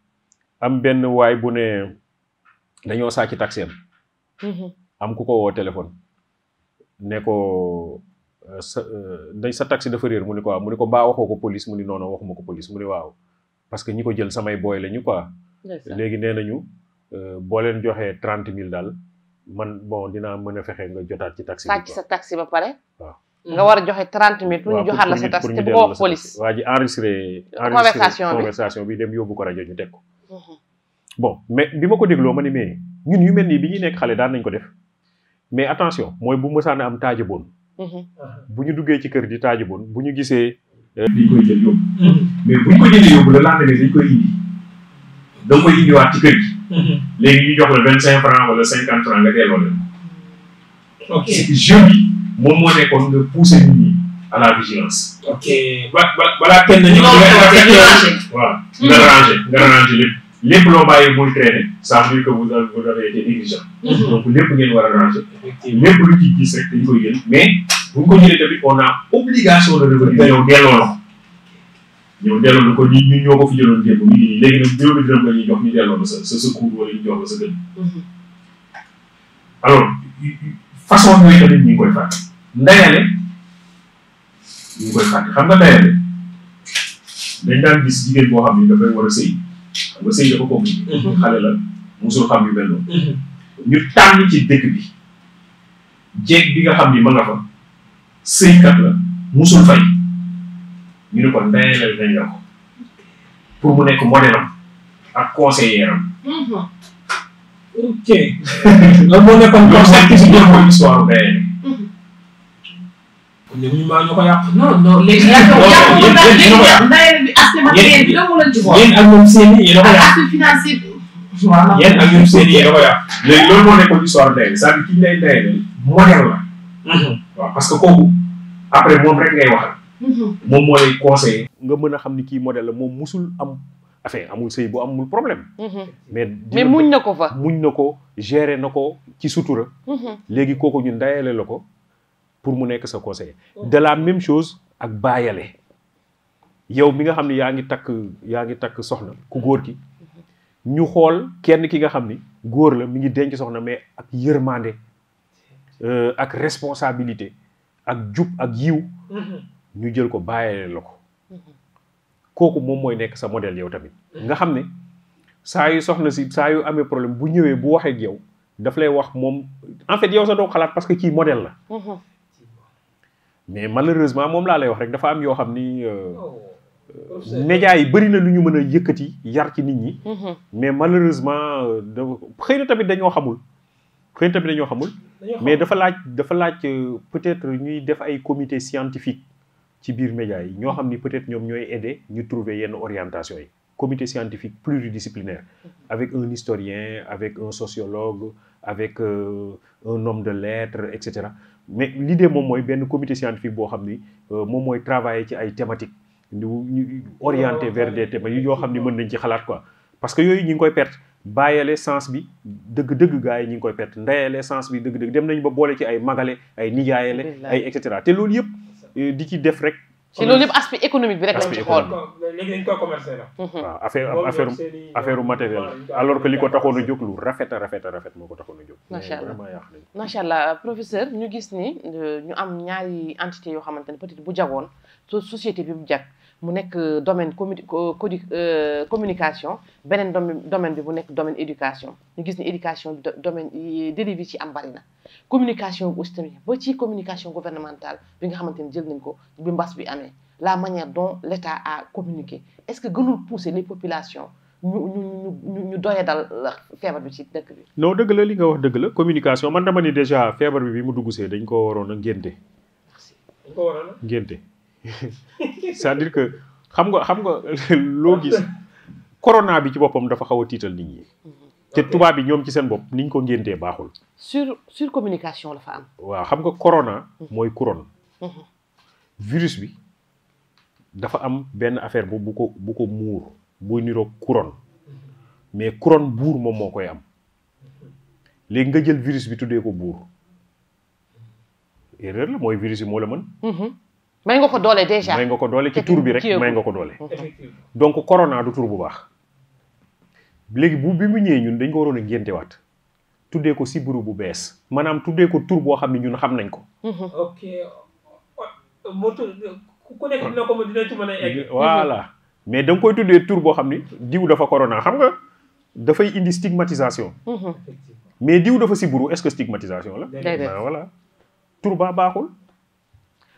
am benn waay bu ne dañoo sàcc taxi am mm-hmm. am ku ko woo téléphone ne ko euh, sa euh, dañ sa taxi dafa réer mu ne ko waaw mu ne ko mbaa waxoo ko police mu ne noonu waxuma ko police mu ne waaw parce que ñi ko jël samay booy la ñu quoi léegi nee nañu euh, boo leen joxee trente mille daal man bon dinaa mën a fexe nga jotaat ci taxi sàcc sa taxi ba pare waaw nga war a joxe trente mille pour ñu joxaat la sa taxi te bu ko wax police waa ji enregistré conversation bi dem yóbbu ko rajo ñu teg ko Mhm. bo mais bi ma ko dégloo ma ni mais ñun yu mel nii bi ñuy nekk xale daan nañ ko def mais attention mooy bu mësaan am taajaboon mhm. ah. bu ñu duggee ci kër di taajaboon bu ñu gisee euh, dañ koy jël yóbbu mhm. mais bu ñu ko jëlee yóbbu la dañ koy indi da nga koy kër gi léegi ñu jox la vingt cinq franc wala cinquante franc nga delloo leen ok jeu bi moom moo nekkoon nga pousser nit à la vigilance ok ba ba balaa kenn ñu nga ranger nga ranger lépp lépp loo bàyyi muy traîner ça veut dire que vous avez vous avez été mhm. lépp ngeen war a ranger lépp lu ci gis rek dañ koy jël mais bu ko jëlee tamit a obligation de revenir ñëw delloo la ñëw delloo ni ñoo ko fi jëloon ngi nii léegi nag juróomi dërëm la ñuy jox ñu delloo la sa sa secours wala ñu jox mhm. tamit ñu koy fàtte xam nga ndayale dañ daan gis jigéen boo xam ne dafay war a sëy xam nga sëy dafa ko mhm. xale la musul xam yu mel noonu mhm. ñu tànn ci dëkk bi jeeg bi nga xam ni ma nga fa sëykat la musul fay ñu ne ko ndeyalal nañ la ko pour mu nekk modèle am ak conseiller am mhm. ok loolu moo nekkoon concept ci biir histoire ndeyale ñun ñu maa ñu ko yàq. non non léegi yàq yéen ak ñoom seen i yéen a ko yàq. yéen moo nekkoon histoire ndey c'est-à-dire ki ñu lay ndey parce que kooku après moom rek ngay waxal. Mhm. moom moo lay nga mën a xam ni kii modèle la moom musul am. affaire amul sëy bu amul problème. Mhm. mais mais muñ na ko fa. muñ na ko gere na ko ci sutura. Mhm. léegi kooku ñun dayale la ko. pour mu nekk sa conseiller. Oh. de la même chose ak bàyyale yow mi nga xam ni yaa ngi takk yaa ngi takk soxna ku góor ki mm-hmm. ñu xool kenn ki nga xam ni góor la mi ngi denc soxna mais ak yërmande euh, ak responsabilité ak jub ak yiw mm-hmm. ñu jël ko bàyyale la ko mm-hmm. kooku moom mooy nekk sa modèle yow tamit nga xam ne saa yu soxna si saa yu amee problème bu ñëwee bu waxee ak yow daf lay wax moom en fait yow sa doo xalaat parce que kii modèle la mais malheureusement mom la lay wax rek dafa am yoo xam Les euh, oh, oh, médias yi bari na luñu ñu yëkëti yar ci nit ñi. Mhm. mais malheureusement euh, da xëy na tamit dañu xamul. xëy tamit dañu xamul. mais dafa laaj dafa laaj euh, peut-être ñuy def ay comité scientifique ci biir médias yi ñoo xam peut-être ñoom ñooy aider ñu trouver yenn orientation yi. comité scientifique pluridisciplinaire mhm. avec un historien avec un sociologue avec un homme de lettres etc., mais l'idée moom mooy benn comité scientifique boo xam ni euh, moom mooy travailler ci ay thématiques ñu orienté oh, vers des thèmes yoo xam ni mën nañ ci xalaat quoi parce que yooyu ñi ngi koy perte bàyyale sens bi dëgg-dëgg gars yi ñi ngi koy perte ndeyale sens bi dëgg-dëgg dem nañ ba boole ci ay magale ay nijaayale ay et cetera te loolu yëpp euh, di ci def rek ci loolu yëpp aspect économique bi rek lañ ci xool léegi dañ la mhm. ah, alors que li ko taxoon a jóg lu rafet a rafet a rafet moo ko taxoon a jóg macha allah vraiment yàq nañ macha allah professeur ñu gis ni euh, ñu am ñaari entité yoo xamante ne peut-être bu jagoon société bi bu jag mu nekk domaine commu euh, communication benen domaine bi mu domaine éducation ñu gis éducation domaine dérive ci am barina communication aussi tamit ba ci communication gouvernementale bi nga xamante ne jël nañ ko bi mbass bi amé la manière dont l'État a communiqué est-ce que gënul pousser les populations ñu ñu ñu ñu doye dal feebar bi ci dëkk bi. non dëgg la li nga wax dëgg la communication man dama ni déjà feebar bi bi mu dugg see dañ ko waroon a ngénte. dañ ko cest à que xam nga xam nga loo gis corona bi ci boppam dafa xaw a tiital nit ñi. te tubaab bi ñoom ci seen bopp niñ ko ngéntee baaxul. sur sur communication la fa am. waaw xam nga corona. Mhm. mooy couronne. Mhm. virus bi dafa am benn affaire bu bu ko bu ko muur buy niroog couronne mhm. mais couronne buur moom moo koy am léegi nga jël virus bi tuddee ko buur erreur la mooy virus bi moo la mën. may nga ko doole déjà may ko doole ci tur bi rek may nga ko doole. donc corona du tur bu baax. léegi bu bi mu ñëwee ñun dañ ko waroon a ngéntewaat tuddee ko sibiru bu bees maanaam tuddee ko tour boo xam ne ñun xam nañ ko. Mm-hmm. ok mais da koy tuddee tur boo xam ni diw dafa corona xam nga dafay indi stigmatisation. Mm-hmm. mais diw dafa sibiru est-ce que stigmatisation la. voilà tur baa baaxul.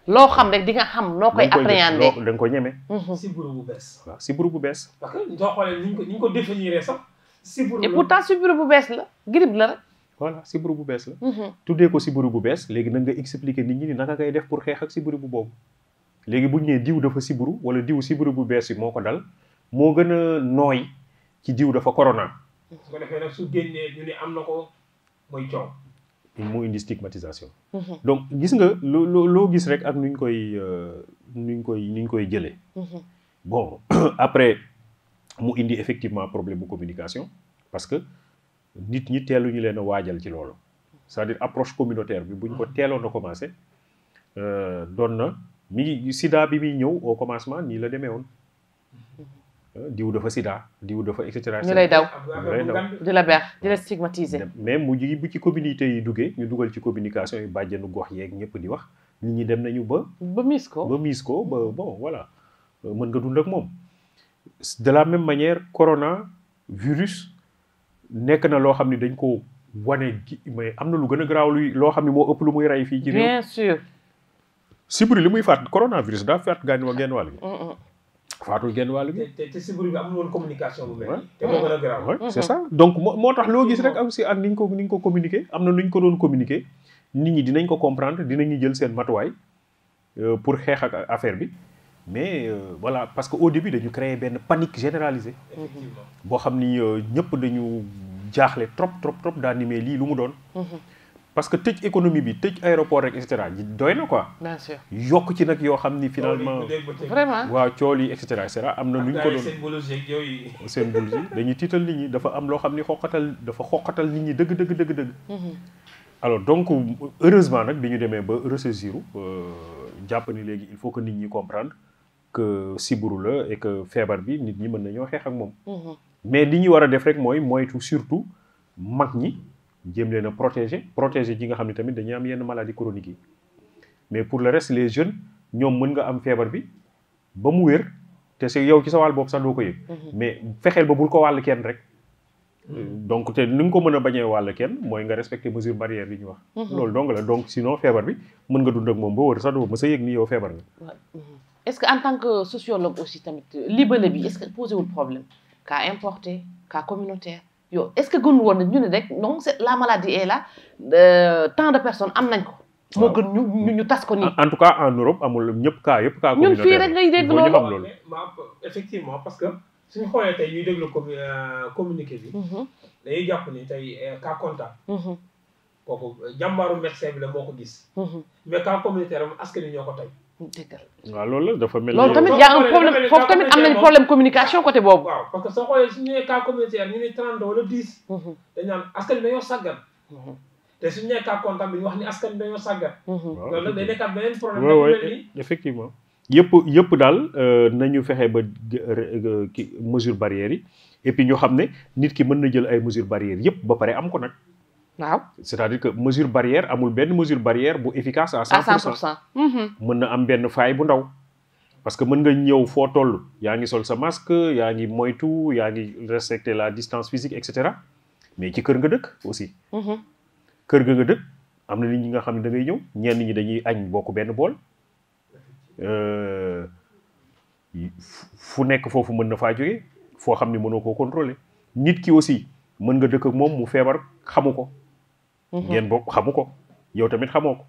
loo xam rek di nga xam noo koy appréhender da nga ko ñeme mhm. sibbiru bu bu bees parce que soo xoolee ko ni ñu ko définir sax bu bees la grippe la rek si sibbiru bu bees la mhm. tuddee ko si sibbiru bu bees léegi nag nga expliquer nit ñi ni naka ngay def pour xeex ak sibbiru bu boobu léegi buñ nee diw dafa sibbiru wala diw si sibbiru bu bees yi moo ko dal moo gën a nooy ci diw dafa corona su ko defee nag su génnee ñu am na ko mooy moo une stigmatisation. Mhm. donc gis nga lo lo gis rek ak nuñ koy euh, nu ñu koy nuñ koy jëlé mhm. bon après mu indi effectivement problème de communication parce que nit ñi teeluñu leen a waajal ci loolu. c'est-à-dire approche communautaire bi buñ ko mhm. télo a commencé euh na mi ngi sida bi mi ñëw au commencement ni la démé won diw dafa sida diw dafa et cetera. ñu lay daw di la beex di la stigmatiser. mais mu ji bu ci communité yi duggee ñu dugal ci communication yi bàjjenu gox yeeg ñëpp di wax nit ñi dem nañu ba. ba miis ko ba miis ko ba bon voilà mën nga dund ak moom. de la même manière corona virus nekk na loo xam ne dañ ko wane mais am na lu gën a garaaw luy loo xam ne moo ëpp lu muy rey fii. ci réew bien sûr. sibri li muy faat coronavirus daa faat gan wa genn wàll gi. faatul genn wàll bi. te te bi amul woon communication bu mel. c'est mm-hmm. ça donc moo tax loo gis rek aussi si ak ni ñu ko ni ñu ko communiqué am na nu ñu ko doon communiqué nit ñi dinañ ko comprendre dinañu jël seen matuwaay euh, pour xeex ak affaire bi mais euh, voilà parce que au début dañu créer benn panique généralisée. boo xam ni euh, ñëpp dañu jaaxle trop trop trop daal ni mais lii lu mu doon. Mm-hmm parce que tëj économie bi tëj aéroport rek et cetera doy na quoi. bien sûr yokk ci nag yoo xam finalement. vraiment Wa cool yi et cetera et cetera am na. nu ñu ko doon seen boulot yooyu. seen boulot nit ñi dafa am loo xam ni dafa xoqatal nit ñi dëgg dëgg dëgg dëgg. Mhm. alors donc heureusement nak bi ñu demee ba ressaisir euh, jàpp ni léegi il faut que nit ñi comprendre que sibiru la et que feebar bi nit ñi mën nañoo xeex ak moom. Mhm. mais li wara war a def rek mooy moytu surtout mag ñi jéem leen a protéger protéger ji nga xam ne tamit dañuy am yenn maladie chronique yi mais pour le reste les jeunes ñoom mën nga am feebar bi ba mu wér te si yow ci sa wàll bopp sax doo ko yëg. Mhm. mais fexeel ba bul ko wàll kenn rek. Mhm. Euh, donc te ni nga ko mën a bañee wàll kenn mooy nga respecter mesure barrière yi ñu wax. Mhm. loolu dong la donc sinon feebar bi mën nga dund ak moom ba wër sax doo ma sa yëg ni yow feebar nga. est-ce que en tant que sociologue aussi tamit euh, libellé bi est-ce que posé wul problème cas importé cas communautaire yo est-ce que gën woon ñu rek non c'est la maladie est là euh, tant de personnes am nañ ko. mo gën ñu ñu tas ko ni en tout cas en Europe amul ñëpp cas yëpp. cas communautaire ñun fii rek ngay dégg lolu effectivement parce que suñ xoolee tay ñuy dégg commu euh, communiquer bi. Mhm. dañuy japp ni tay euh, cas contact. Mhm. kooku jàmbaaru médecin bi la moko ko gis. Mhm. mais cas communautaire am askan ñoko tay waaw loolu dafa mel. loolu tamit y' a un problème foofu tamit am nañu problème communication côté boobu. waaw parce que soo xoolee su ñu nee cas communautaire ñu ne 30 wala 10. Mhm. dañu naan askan bi dañoo sàggan. Mhm. te su ñu nee cas ñu wax ni askan bi dañoo sàggan. Mhm. waaw waaw waaw e-, effectivement. yëpp yëpp daal euh, nañu fexe ba mesure barrière yi et puis xam ne nit ki mën na jël ay mesure barrière yëpp ba pare am ko nag. waaw c'est-à-dire que mesure barrière amul ben mesure barrière bu efficace à 100%. pour cent mhm. mën na am ben fay bu ndaw parce que mën nga ñëw fo toll ya ngi sol sa masque ya ngi moytu ya ngi respecter la distance physique et cetera mais ci kër nga dëkk aussi mhm. kër ga nga dëkk am na nit ñi nga xam ne da ngay ñëw ñenn ñi dañuy añ bokk benn bool euh, fu nekk foofu mën na faa jóge foo xam ne mënoo koo contrôler nit ki aussi mën nga dëkk ak moom mu feebar xamu ko Mhm. ngeen bokk xamu yow tamit xamoo ko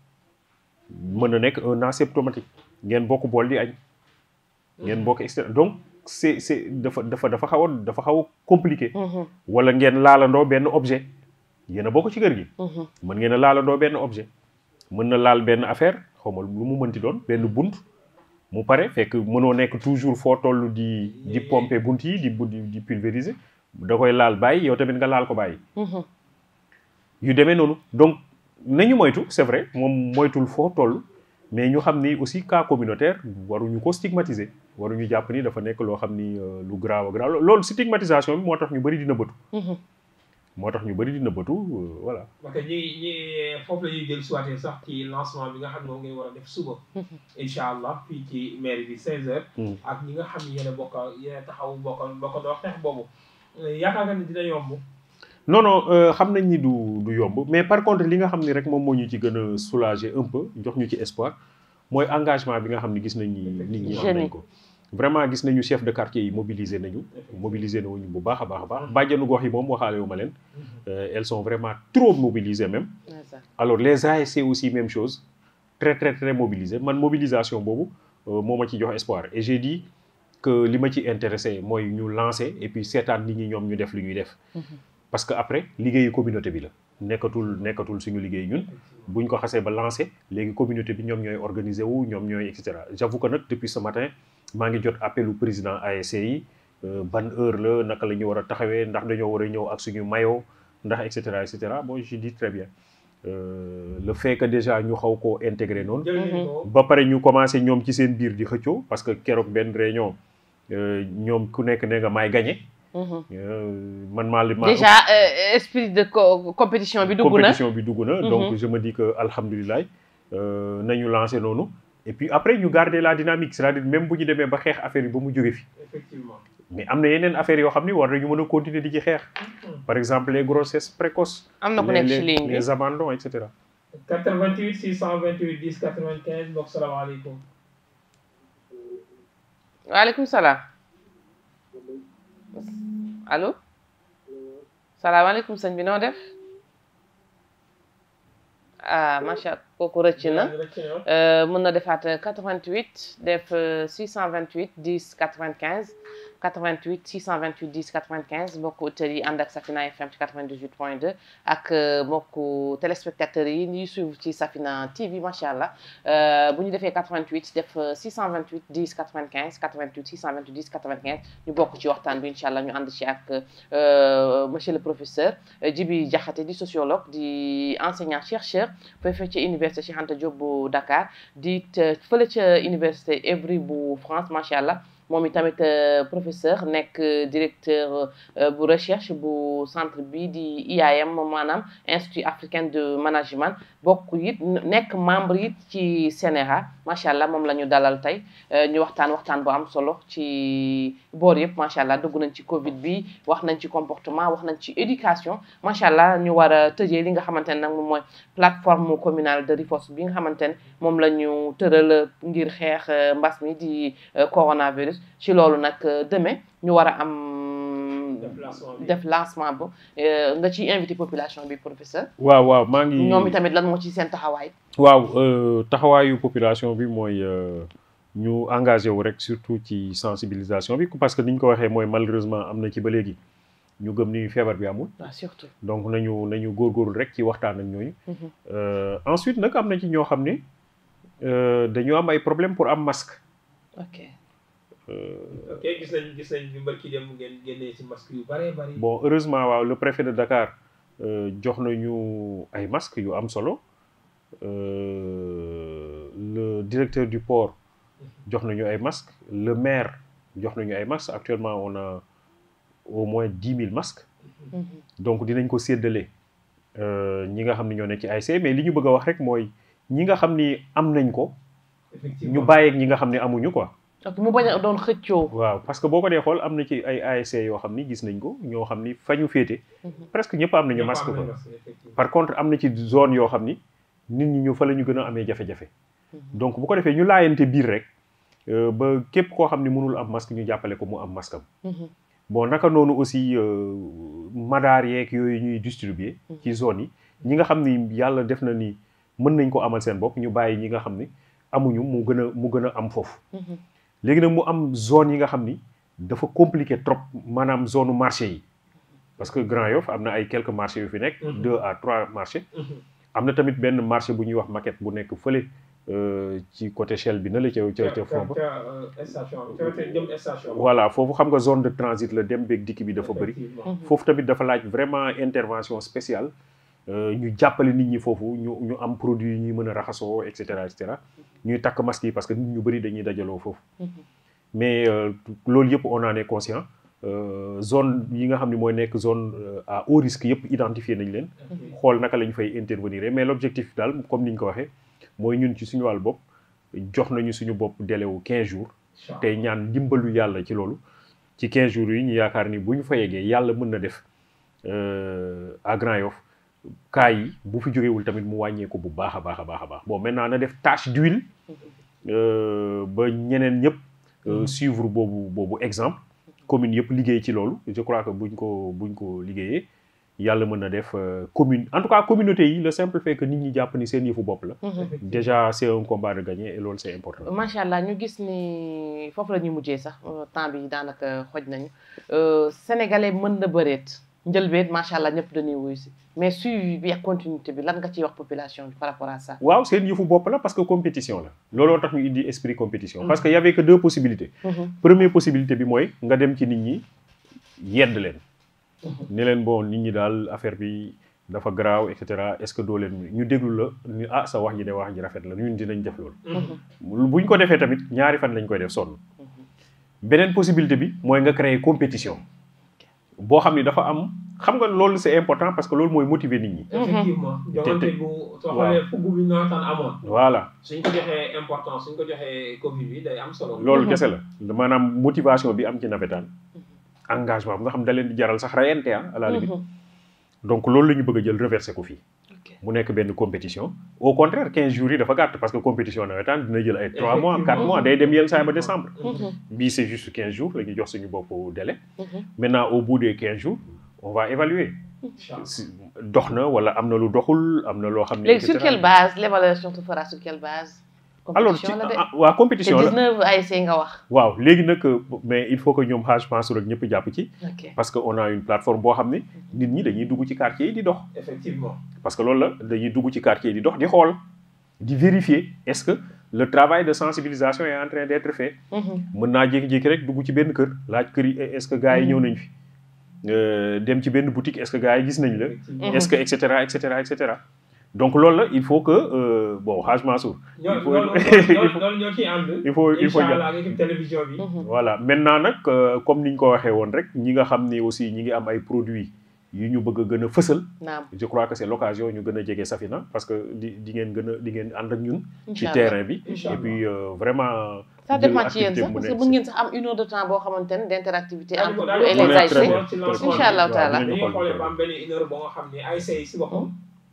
mën un asymptomatique ngeen bokk bool di añ ngeen mhm. donc c'est c'est dafa dafa dafa xaw a dafa xaw a compliqué mhm. wala objet a bokk ci kër a objet mën na affaire a lu mu mënti doon bunt mu pare fekk toujours foo toll di di pomper bunt di di pulvériser da koy laal bàyyi yow tamit nga yu demee noonu donc nañu moytu c'est vrai moom moytul foo toll mais ñu xam ni aussi cas communautaire waruñu ko stigmatiser waruñu jàpp ni dafa nekk loo xam ni euh, lu a grave loolu stigmatisation bi moo tax ñu bëri dina bëtu mhm. moo tax ñu bëri dina bëtu euh, voilà. ok ñu ñu foofu la ñuy jël suwaatee sax ci lancement bi nga xam ne moom ngeen war a def suba. Mhm. incha allah fii ci mairie bi 16h. Mhm. ak ñi nga xam ne yéen a bokk yéen a taxaw bokk bokk na waxtaan boobu euh, yaakaar nga ni dina non non euh, xam nañ ni du du yomb mais par contre li nga xam ni rek moom moo ñu ci gën a soulager un peu jox ñu ci espoir mooy engagement bi nga xam ni gis nañ ni nit ñi am nañ ko vraiment gis nañu chef de quartier yi mobiliser nañu mobiliser nañu bu baax a baax a baax mm-hmm. bàjjenu gox yi moom waxaale wu ma leen mm-hmm. euh, elles sont vraiment trop mobilisées même alors les ASC aussi même chose très très très mobilisées man mobilisation boobu euh, moo ma ci jox espoir et j'ai dit que li ma ci intéressé mooy ñu lancer et puis seetaan nit ñi ñoom ñu def li ñuy def mm-hmm parce que après liguey communauté bi la nekatul nekatul suñu liguey ñun buñ ko xasse ba lancer léegi communauté bi ñom ñoy organiser wu ñom ñoy et cetera j'avoue que nag depuis ce matin ma ngi jot appelu président ASI, euh, ban heure le, nak la ñu wara taxawé ndax dañu wara ñëw ak suñu mayo ndax et cetera et cetera bon je dis très bien euh, le fait que déjà ñu xaw ko intégrer non ba paré ñu commencer ñom ci seen bir di xëccio parce que kérok ben réunion euh, ñom ku nekk ne nga may gagné. Mhm. Euh, déjà euh, esprit de compétition bi compétition bi mhm. donc je me dis que nous euh, nañu lancé et puis après nous gardons la dynamique c'est-à-dire même si nous avons ba xeex affaire yi ba mu effectivement mais am na affaire affaires yoo xam ni war nañu continuer mhm. par exemple les grossesses précoces. les abandons etc 88 628 10 95 mbokk salaamaaleykum. waaleykum salaam. allo salaamaaleykum sëñ bi noo def ah macha allah kooku rëcc na euh, mën na defaat 88 def 628 10 95 88 628 10 95 mbokk auditeurs yi ànd ak Safina FM ci 98 point 2 ak euh, mbokk téléspectateurs yi ñuy suivre ci Safina TV macha allah euh, bu ñu defee 88 def 628 10 95 88 628 10 95 ñu bokk ci waxtaan bi incha allah ñu ànd ci ak monsieur le professeur Djibi Diakhaté di sociologue di enseignant chercheur préfet ci université université Cheikh Anta Diop bu Dakar di euh, fële ca université Evry bu France macha allah. moom itamit euh, professeur nek directeur euh, bu recherche bu centre bi di IAM manam institut africain de management bokk nek nekk membre it ci CNRA macha allah moom dalal tay, euh, ñu waxtaan waxtaan bu am solo ci boor yëpp macha allah nañ ci Covid bi wax nañ ci comportement wax nañ ci éducation macha allah ñu war a tëjee li nga xamante ne nag plateforme communale de riposte bi nga xamante ne moom la ñu tëral ngir xeex mbas mi di coronavirus. religieuse ci loolu nak demé ñu wara am déplacement bu nga ci invité population bi professeur waaw waaw ma ngi ñom tamit lan mo ci sen taxaway waaw euh taxawaayu population bi moy ñu uh, engagé wu rek surtout ci sensibilisation bi parce que niñ ko waxé moy malheureusement amna ci ba légui ñu gëm ni fièvre bi amul. waaw da, surtout donc nañu nañu gor gor rek ci waxtaan ak ñoy euh ensuite nak amna ci ño xamné euh dañu am ay problème pour am masque. ok Euh, ok gis nañ gis nañ mbërki dem ngeen génnee ci masque yu bare bari. bon heureusement waaw le préfet de Dakar euh, jox nañu ay masques yu am solo euh, le directeur du port jox nañu ay masques le maire jox nañu ay masques actuellement on a au moins dix mille masques. Mhm. donc dinañ ko séddale euh, ñi nga xam ne ñoo nekk ci ASC mais li ñu bëgg a wax rek mooy ñi nga xam ni am nañ ko. ñu ak ñi nga xam ne amuñu quoi. ak mu bañ a doon xëccoo. waaw parce que boo ko dee xool am na ci ay ASC yoo xam ni gis nañ ko ñoo xam ni fa ñu féete. Mhm. presque ñëpp am nañu masque ko par contre am na ci zone yoo xam ni nit ñi ñu fa la ñu gën a amee jafe-jafe. Mhm. donc bu ko defee ñu laayante biir rek euh, ba képp koo xam ni mënul am masque ñu jàppale ko mu am masque am. Mhm. bon naka noonu aussi euh, madaar yeeg yooyu ñuy distribuer. ci zone yi ñi nga xam ni yàlla def na ni mën nañ ko amal seen bopp ñu bàyyi ñi nga xam ni amuñu mu gën a mu gën a am foofu. léegi nag mu am zone yi nga xam ni dafa compliqué trop maanaam zone marché yi parce que Grand Yoff am na ay quelques marchés yu fi nekk. Mhm. deux à trois marchés. Mhm. am na tamit benn marché bu ñuy wax maquette bu nekk fële euh, ci côté Shell bi na la ca ca ca fond euh, voilà foofu xam nga zone de transit la dem beeg dikk bi dafa bëri. Mhm. foofu tamit dafa laaj vraiment intervention spéciale. Euh, ñu jàppale nit ñi foofu ñu ñu am produit yi ñuy mën a raxasoo et cetera et cetera mm-hmm. ñuy takk masque yi parce que nit ñu bëri dañuy dajaloo foofu. Mm-hmm. mais euh, loolu yëpp on en est conscient euh, zone yi nga xam ne mooy nekk zone à haut risque yëpp identifié nañ leen. Mm-hmm. xool naka lañ fay intervenir mais l' objectif daal comme ni ñu ko waxee mooy ñun ci suñu wàll bopp jox nañu suñu bopp delewu quinze 15 jours. tey ñaan dimbalu yàlla ci loolu. ci quinze jours yi ñu yaakaar ni bu ñu fa yeggee yàlla mën na def à Grand Yoff cas yi bu fi jógewul tamit mu wàññeeku bu baax a baax a baax a baax bon maintenant na def tache d'huile euh, ba ñeneen ñëpp euh, mm-hmm. suivre boobu boobu exemple commune yëpp liggéey ci loolu je crois que buñ ko buñ ko liggéeyee yàlla mën na def euh, commune en tout cas communauté yi le simple fait que nit ñi jàpp ni seen yëfu bopp la. Mm-hmm. déjà c'est un combat de gagner et loolu c'est important. macha allah ñu gis ni foofu la mujjee sax temps bi daanaka xoj nañu sénégalais mën njëlbeen macha allah ñëpp dañuy wuyu si mais suivi bi ak continuité bi lan nga ciy wax population bi par rapport à ça. waaw seen yëfu bopp la parce que compétition la. looloo tax ñu indi esprit compétition. Mm-hmm. parce que y' avait que deux possibilités. Mm-hmm. première possibilité bi mooy nga dem ci nit ñi yedd leen. Mm-hmm. ne leen bon nit ñi daal affaire bi dafa garaaw et cetera est ce que doo leen ñu déglu la ñu ah sa wax ji de wax ji rafet la ñun dinañ def loolu. buñ ko defee tamit ñaari fan lañ koy def sonn. beneen possibilité bi mooy nga créer compétition. boo xam ni dafa am xam nga loolu c'est important parce que loolu mooy motiver nit ñi. Mhm. effectivement joxante bu soo xoolee fukk bi nawetaan amoon. voilà suñ ko joxee importance suñ ko joxee Covid bi day am solo. loolu mhm. kese la maanaam motivation bi am ci nawetaan mhm. engagement bu nga xam da leen di jaral sax rayante ah. à la donc loolu la ñu bëgg a jël reversé ko fii. mu nekk benn compétition au contraire 15 jours yi dafa gàtt parce que compétition nawetaan ah, dina jël ay 3 mois 4 mois day dem yenn ba décembre. Mm-hmm. Mm-hmm. bii c'est juste 15 jours la ñuy jox suñu délai. Mm-hmm. maintenant au bout des 15 jours on va évaluer. dox na wala am lu doxul sur quelle base L'évaluation évaluation se fera sur quelle base alors ci ah, ah, waaw compétition la te 19 nga wax. waaw léegi nag mais il faut que ñoom Hajj pense rek ñëpp jàpp ci. parce que on a une plateforme boo xam ne nit ñi dañuy dugg ci quartier yi di dox. effectivement parce que loolu la dañuy dugg ci quartier yi di dox di xool di vérifier est-ce que le travail de sensibilisation est en train d'être fait. Mhm. mën naa jékki-jékki rek dugg ci benn kër laaj kër yi eh, est-ce que gars yi mhm. ñëw nañ fi. Euh, dem ci benn boutique est-ce que gars yi gis nañ la. est-ce que et cetera et cetera et cetera. donc loolu la il faut que bon Hadj Mansour. il faut il faut il faut télévision bi. voilà maintenant nag comme ni ñu ko waxee woon rek ñi nga xam ni aussi ñi ngi am ay produits yu ñu bëgg a gën a fësal. je crois que c' est ñu gën a jege Safina parce que di di ngeen gën a di ngeen ak ñun. ci terrain bi et puis vraiment. ça dépend ci yéen am une de temps boo xamante ne d' interactivité entre les ASC incha allah taala.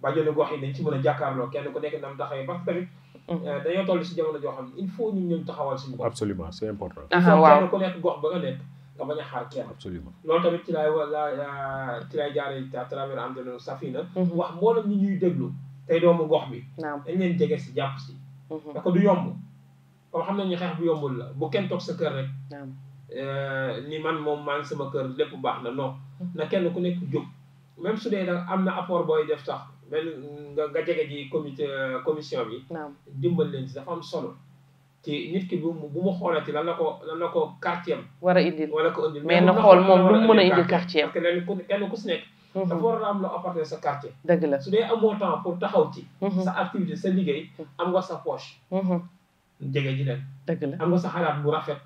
bàjjenu gox yi dañ ci mën a jàkkaarloo kenn ku nekk nam taxawee parce que tamit mm-hmm. euh, dañoo toll si jamono joo xam ne il faut taxawal suñu bopp absolument c'est important waaw kenn ku nekk gox ba nga nekk nga bañ a xaar kenn absolument loolu tamit ci laay wala ci laay jaare à travers am deno Safina mm-hmm. wax mboolem ñi ñuy déglu doomu gox bi dañ leen jege si jàpp si mm-hmm. parce que du yomb comme xam nañu xeex bu yombul la bu kenn toog sa kër rek euh, ni man moom maa sama kër lépp baax na non na kenn ku nekk jóg même su dee da am na apport booy def sax mel nga nga jege ji comité commission bi. dimbal leen ci dafa am solo. te nit ki bu mu bu mu xoolati lan la ko lan la ko quartier am. war a indil wala ko indil. mais na xool moom lu mu mën a indil quartier parce que lenn ku kenn ku si nekk. dafa war a am lo apporter sa quartier. dëgg la su dee amoo temps pour taxaw ci. sa activité sa liggéey am nga sa poche. jege ji leen. dëgg la am nga sa xalaat bu rafet.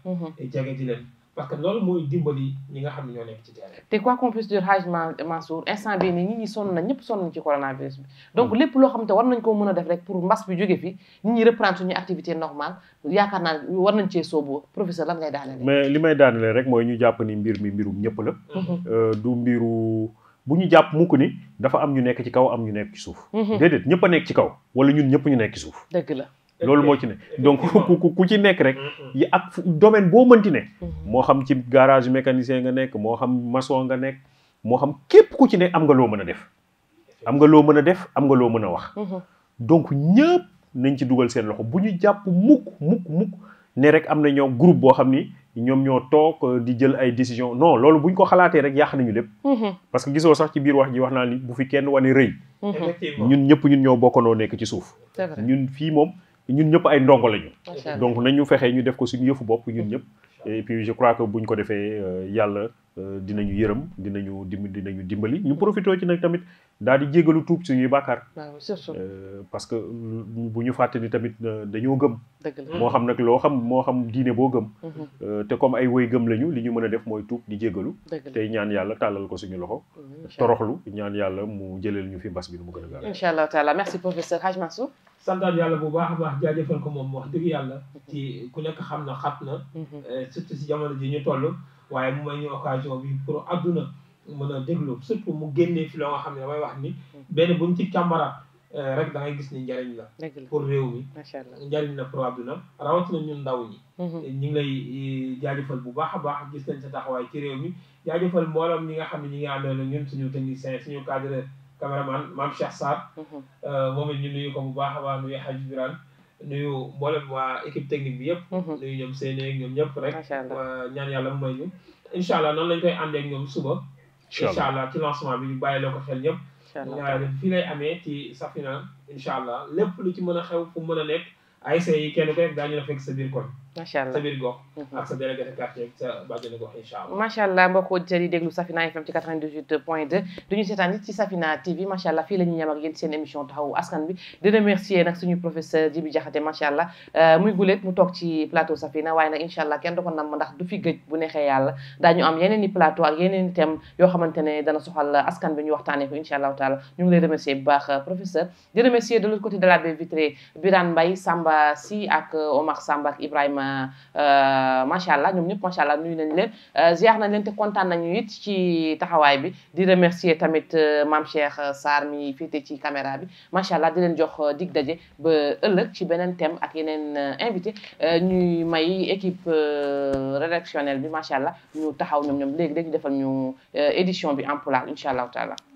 jege ji leen. parce que loolu mooy dimbali ñi nga xam ne ñoo nekk ci terrain te quoi qu'on puisse dire Hadj Mansour instant bii nii ñi sonn na ñëpp sonn nañ ci coronavirus bi donc hmm. lépp loo xam te war nañ koo mën a def rek pour mbas bi jóge fi nit ñi reprendre suñu activité normale yaakaar naa war nañ cee soobu professeur lan ngay daanale mais li may daanale rek mooy ñu jàpp ni mbir mi mbirum ñëpp la hmm. Hmm. Euh, du mbiru bu ñu jàpp mukk ni dafa am ñu nekk ci kaw am ñu nekk ci suuf déedéet ñëpp nekk ci kaw wala ñun ñëpp ñu nekk ci suuf loolu moo ci ne donc ku ku ci nekk rek yi ak domaine boo mënti ne mm-hmm. moo xam ci garage mécanicien nga nekk moo xam maçon nga nekk moo xam képp ku ci ne am nga loo mën a def am nga loo mën a def am nga loo mën a wax mm-hmm. donc ñëpp nañ ci dugal seen loxo bu ñu jàpp mukk rek am na ñoom groupe boo xam ni ñoom ñoo toog euh, di jël ay décision non loolu buñ ko xalaatee rek yàq nañu lépp mm-hmm. parce que gisoo sax ci biir wax ji wax naa ni bu fi kenn wane rëy ñun ñëpp ñun ñoo bokkandoo nekk ci suuf ñun fii moom ñun ñëpp ay ndongo lañu donc nañu fexe ñu def ko suñu yëfu bopp ñun ñëpp et puis je crois que buñ ko defee euh, yàlla euh, dinañu yërëm dinañu dim dinañu dimbali ñu profité ci nag tamit daal di jégalu tuub suñuy bàkkaar euh, parce que bu ñu fàtte ni tamit euh, dañoo gëm moo xam nag loo xam moo xam diine boo gëm mhm. euh, te comme ay woy gëm lañu li ñu mën a def mooy tuub di jégalu tey ñaan yàlla tàllal ko suñu loxo mm, toroxlu ñaan yàlla mu jëleel ñu fi mbas bi nu mu gën a gaaw incha allah taala merci professeur Hadj Mansour yàlla bu baax baax jaajëfal ko moom wax dëgg yàlla mhm. ci ku nekk xam na xat na mhm. surtout si jamono ji ñu toll waaye mu may ñu occasion bi pour mën a déglu surtout mu génnee fi loo nga xam ne damay wax ni benn buñ ci càmbaraat euh, rek da gis ni njariñ la pour réew mi njariñ la pour àdduna na ñun ndaw ñi mhm. ñu ngi lay euh, jaajëfal bu baax a baax gis nañ sa taxawaay ci réew mi jaajëfal mbooloom ñi nga xam ne ñi nga àndoon ak ñun suñu technicien suñu cadre caméraman maam Cheikh Sarr mhm. euh, moom it ñu nuyu ko bu baax a baax nuyu Hadj Birane nuyu mboolem waa équipe technique bi yëpp mhm. nuyu ñoom seen ñoom ñëpp rek ñaan yàlla mu may ñu incha allah suba incha allah ci lancement bi ñu bàyyi la ko xel ñëpp fii lay amee ci Safina incha allah lépp lu ci mën a xew fu mën a nekk ay say yi kenn ko rek daañu la fekk sa kon macha allah sa biir mhm. mbokk auditeurs yi déglu Safina FM ci 98 point 2 du seetaan it ci Safina TV macha allah fii la ñuy yem ak seen émission taxawu askan bi di remercier nag suñu professeur Djibi Diakhaté macha allah euh, muy guléet mu toog ci plateau Safina waaye nag incha allah kenn du ndax du fi gëj bu neexee yàlla daañu am yeneen i plateau ak yeneen i thème yoo xamante dana soxal askan bi ñu waxtaanee ko incha allahu taala ñu ngi lay remercier bu euh, Euh, euh, macha allah ñoom ñëpp macha allah nuyu nañ leen euh, ziar nañ leen te kontaan nañu it ci taxawaay bi di remercier tamit maam Cheikh Sarr mi féete ci caméra bi macha allah di leen jox dig daje ba ëllëg ci beneen thème ak yeneen invité ñuy may équipe rédactionnelle bi macha ñu taxaw ñoom ñoom léegi léegi defal ñu édition bi en pulaar allah allahu taala